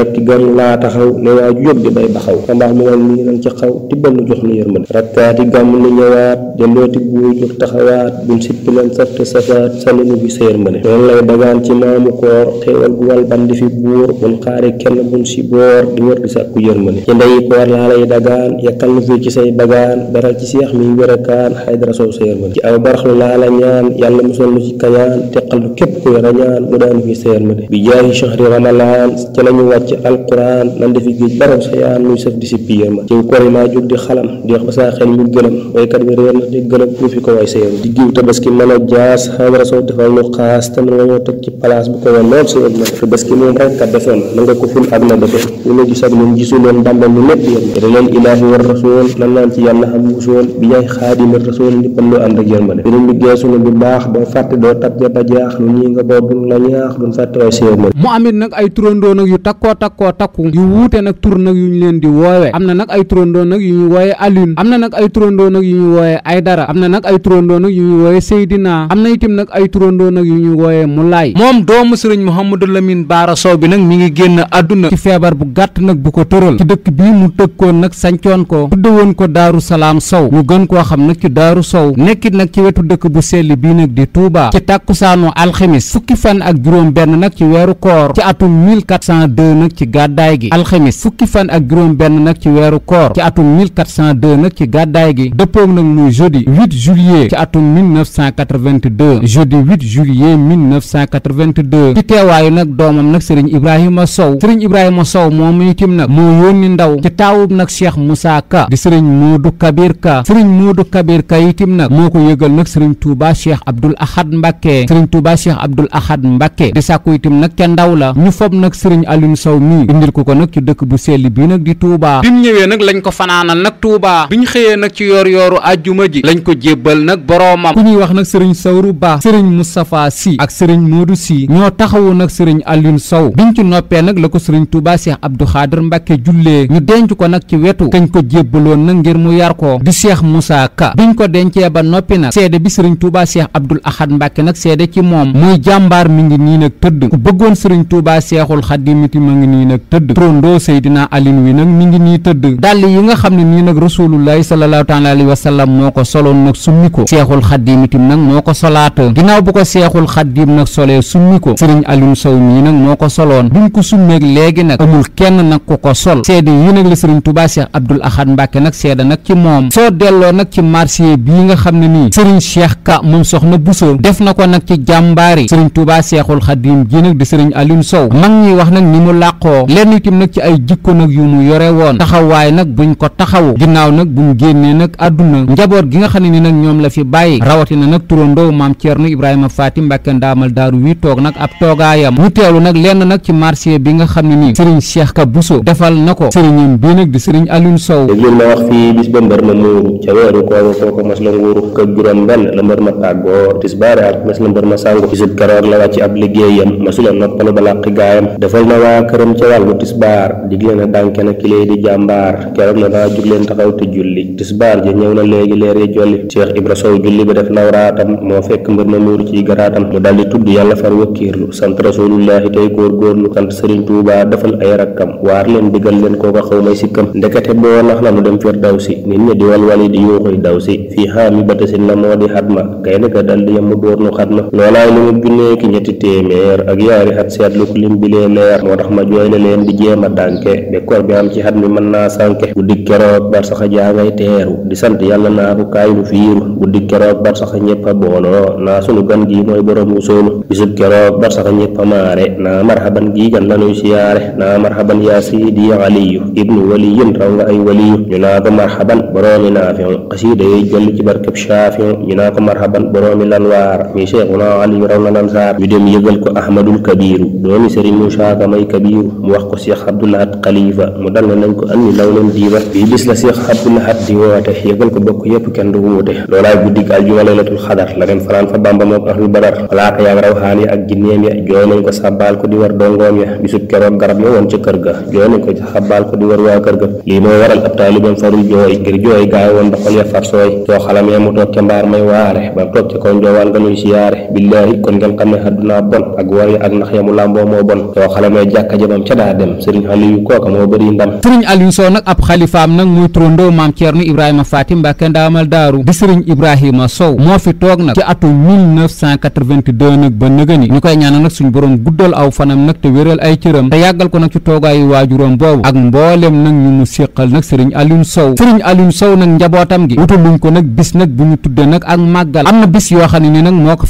Speaker 2: rakki gan laa taxaw ne waa ju jóg di bay baxaw xambaax mi naan mi ngi nan ci xaw tibbal nu jox nu yërmande rakkaati gàmm nu ñëwaat dellooti bu jóg taxawaat buñ sippi nan saf te safaat sali nu bi sa yërmande noonu lay dagaan ci maamu koor xéewal gu wal bandi fi buur buñ xaari kenn buñ si boor di wër di sàkku yërmande ci ndeyi koor laa lay dagaan yakkal nu fii ci say bagaan beral ci seex mi wérakaan xaydara sow sa yërmande ci aw baraxlu laa la ñaan yàlla musal nu ci kayaan teqal nu képp kuy rañaan mu daanu fi ci alquran man dafi géej barab sa yaan muy saf di si piir ma ciw kori maa jóg di xalam di wax ba saa xel ñu gëlëm waykat bi réer na di gëlëm ku fi a na tabaski moom nan naan ci yàlla xam bi yaay xaadima rasul ndippal lu ànd ak yërmande dinañ bi geesunu bu baax doo fàtte doo tag nga dajaax lu ñi nga boo duñ ñaax duñ fàtte way sayam mu
Speaker 1: amit nag ay turandoo yu takkoot takkoo takku yu wuute nag tur nag yu ñu leen di woowe am na nag ay turandoo nag yu ñu wooye Alioune am na nag ay turandoo nag yu ñu wooye Aydara am na nag ay turandoo nag yu ñu wooye Seydina am na itam nag ay turandoo nag yu ñu wooye Mulaay moom doomu sëriñ Mouhamadou Lamine Baara Sow bi nag mi ngi génn àdduna ci feebar bu gàtt nag bu ko tëral ci dëkk bii mu tëkkoon nag sancoon ko tuddewoon ko Daaru Salaam Sow ñu gën koo xam nag ci Daaru Sow nekkit nag ci wetu dëkk bu selli bii nag di Touba ci tàkkusaanu alxemis fukki fan ak juróom benn nag ci weeru ci atum 1402 nag nag ci gàddaay gi alxamis fukki fan ak juróom benn nag ci weeru koor ci atum 1402 nag ci gàddaay gi dëppoom nag muy jeudi 8 ci atum 1982 jeudi 8 juillet 1982 ci teewaayu nag doomam nag sëriñ Ibrahima Sow sëriñ Ibrahima Sow moom itim nag moo yónni ndaw ci taawub nag Cheikh Moussa Ka di sëriñ Modou Kabir Ka sëriñ Modou Kabir Ka itim nag moo ko yëgal nag sëriñ Touba Cheikh Abdoul Ahad Mbacké sëriñ Touba Cheikh Abdoul Ahad Mbacké di sàkku itim nag ca ndaw la ñu fob nag sëriñ Alioune Sow réew mi indil ko ko nag ci dëkk bu sell bi nag di Touba bi mu ñëwee nag lañ ko fanaanal nag Touba bi ñu xëyee nag ci yor yooru ajjuma ji lañ ko jébbal nag boroomam ku ñuy wax nag sëriñ Sawru baax sëriñ Moustapha Si ak sëriñ Modou Si ñoo taxawu nag sëriñ Alioune Sow biñ ci noppee nag la ko sëriñ Touba Cheikh Abdou Khader Mbacke jullee ñu denc ko nag ci wetu kañ ko jébbaloon nag ngir mu yar ko di Cheikh musa Ka biñ ko dencee ba noppi nag seede bi sëriñ Touba Cheikh Abdoul Ahad Mbacke nag seede ci moom muy mi ngi nii nii nag tëdd trondoo Seydina Alioune wi nag mi ngi nii tëdd dàll yi nga xam ne nii nag rasulullahi sallallahu taala alayhi wa sallam moo ko soloon nag summi ko seexul xaddiim itam nag moo ko solaat ginnaaw bu ko seexul xaddiim nag solee summi ko sëriñ Alioune Sow mii nag moo ko soloon buñ ko summeeg léegi nag amul kenn nag ku ko sol seede yi nag la sëriñ Touba Cheikh Abdoul Ahad Mbacke nag seede nag ci moom soo delloo nag ci marché bii nga xam ne nii sëriñ Cheikh Ka moom soxna Bousso def na ko nag ci jàmbaari sëriñ Touba Cheikhul Xaddiim ji nag di sëriñ Alioune Sow mag làqoo lenn itam nag ci ay jikko nag yu mu yore woon taxawaay nag buñ ko taxawu ginnaaw nag bu mu génnee nag àdduna njaboot gi nga xam ne ni nag ñoom la fi bàyyi rawatina nag turandoo maam Thierno Ibrahima Faty Mbacke ndaamal daaru wi toog nag ab toogaayam mu teelu nag lenn nag ci marché bi nga xam ne nii sëriñ Cheikh Ka Bousso defal na ko sëriñam bii nag di
Speaker 2: sëriñ Alioune Sow léegi ma wax fii bis ma muuru ca weeru kooga kooko mas la nguuru ka juróom benn la mbër ma tàggoo tisbaare ak mas la mbër ma sàngu bisub keroog la wàcc ab borom ca wàllu tisbaar dig leen a dànke na kilee di jàmbaar keroog na daa jug leen taxaw te julli tisbaar ja ñëw na léegi leer ya jolli Cheikh Ibra Sow julli moo fekk mbir ma muur ciy garaatam mu daldi tudd yàlla far wakkiirlu sant rasulullahi tey góorgóorlu sant Sëriñ Tuubaa defal ay rakkam waar leen digal leen kooko xaw may sikkam ndekete boo nax la mu dem fir daw si nit ñi di walwali di yuuxuy daw si fii xaami batasin la moo di xatma kay naka daldi yam mu dóor nu xatma loolaay lu mu junneeki ñetti téeméer ak yaari xat seetlu barab yooyu di jéem a dànke bekkoor bi am ci xat mi mën naa sànke bu dig keroog bar saxa jaa ngay teeru di sant yàlla naa ko kaay nu fiiru bu dig keroog bar saxa ñépp a booloo naa sunu gan gi mooy borom wusoolu bisub keroog bar saxa ñépp a maare naa marxaban gii gan lanuy siyaare naa marxaban yaa siidi aliyu ibnu waliyin raw nga ay waliyu ñu naa ko marxaban boroomi naafiu xasiida yey jolli ci barkeb shaafiu ñu naa marxaban boroomi lanwaar mi seexuna aliyu na lansaar ñu dem yëgal ko ahmadul diw mu wax ko Cheikh Abdou Lahad Khalifa mu dal na nañ ko andi law leen diiba bii bis la Cheikh Abdou Lahad di woote yëgal ko bokk yëpp kenn du wuute loolaay guddig aljuma laylatul xadar la dem fanaan fa Bàmba mook ahlul badar malaaka yaag rawxaan ya ak jinneem ya jooy nañ ko sàbbaal ko di war dongoom ya bisub keroog garab ya woon ca kër ga jooy nañ ko sàbbaal ko di war waa kër ga lii moo waral ab taalibeem farul jooy ngir jooy gaaw woon ba xol ya far doom ca daa dem sëriñ Aliou kooka moo bëri ndam
Speaker 1: sëriñ Aliou Sow nag ab xalifaam nag muy turandoo maam Thierno Ibrahima Fatim Mbacke ndaamal daaru di sëriñ Ibrahima Sow moo fi toog nag ci atu nag ba nëgëni ñu koy ñaanal nag suñu borom guddal aw fanam nag te wéral ay cëram te yàggal ko nag ci toogaayu waajuram boobu ak mboolem nag ñu mu séqal nag sëriñ Aliou Sow sëriñ Aliou Sow nag njabootam gi wutaluñ ko nag bis nag bu ñu tudde nag ak màggal am na bis yoo xam ni nag moo ko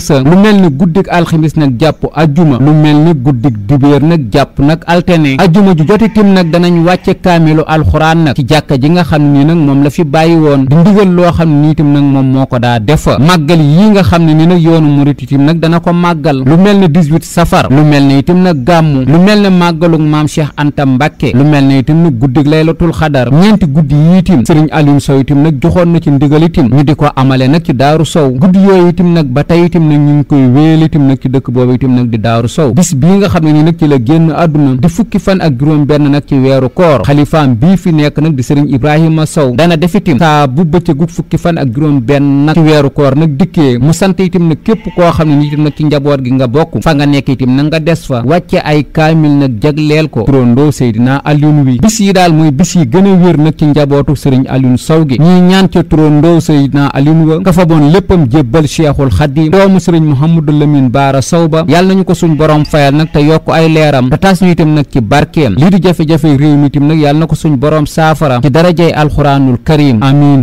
Speaker 1: alxamisa lu mel ni guddik alxamis nag jàpp ajjuma lu mel ni guddik dibéer nag jàpp nag altene ajjuma ju jot tim nag danañ wàcce kaamilu alxuraan nag ci jàkka ji nga xam ni nag moom la fi bàyyi woon di ndigal loo xam ne niitam nag moom moo ko daa defa màggal yii nga xam ne ni nag yoonu murit itim nag dana ko màggal lu mel ni 18 safar lu mel ni itam nag gàmmu lu mel ne màggalug maam Cheikh antam Mbàkke lu mel ne itam nag guddik laylatul xadar ñeenti guddi yi itim sëriñ Aliou nag joxoon na ci itim di ko amale nag ci guddi yooyu itim nag ba tey itim nag ñu ngi koy wéyal itam nag ci dëkk boobu itam nag di daaru sow bis bii nga xam ne nii nag ci la génn àdduna di fukki fan ak juróom benn nag ci weeru koor xalifaam bii fi nekk nag di sëriñ ibrahima sow dana def itam saa bu bëccëgu fukki fan ak juróom benn nag ci weeru koor nag dikkee mu sant itam nag képp koo xam ni nii itam nag ci njaboot gi nga bokk fa nga nekk itam na nga des fa wàcce ay kaamil nag jagleel ko turandoo seydina Alioune wi bis yi daal mooy bis yi gën a ci njabootu sëriñ Alioune sow gi ñuy ñaan ca turandoo seydina Alioune wa ka sëriñ Mouhamadou Lamine Baara Sow ba yàlla nañu ko suñ borom fayal nag te yokk ay leeram te tas ñu itam nag ci barkeem lii di jafe-jafe réew mi itam nag yàlla na ko suñ borom saafara ci darajey alxuraanul karim amin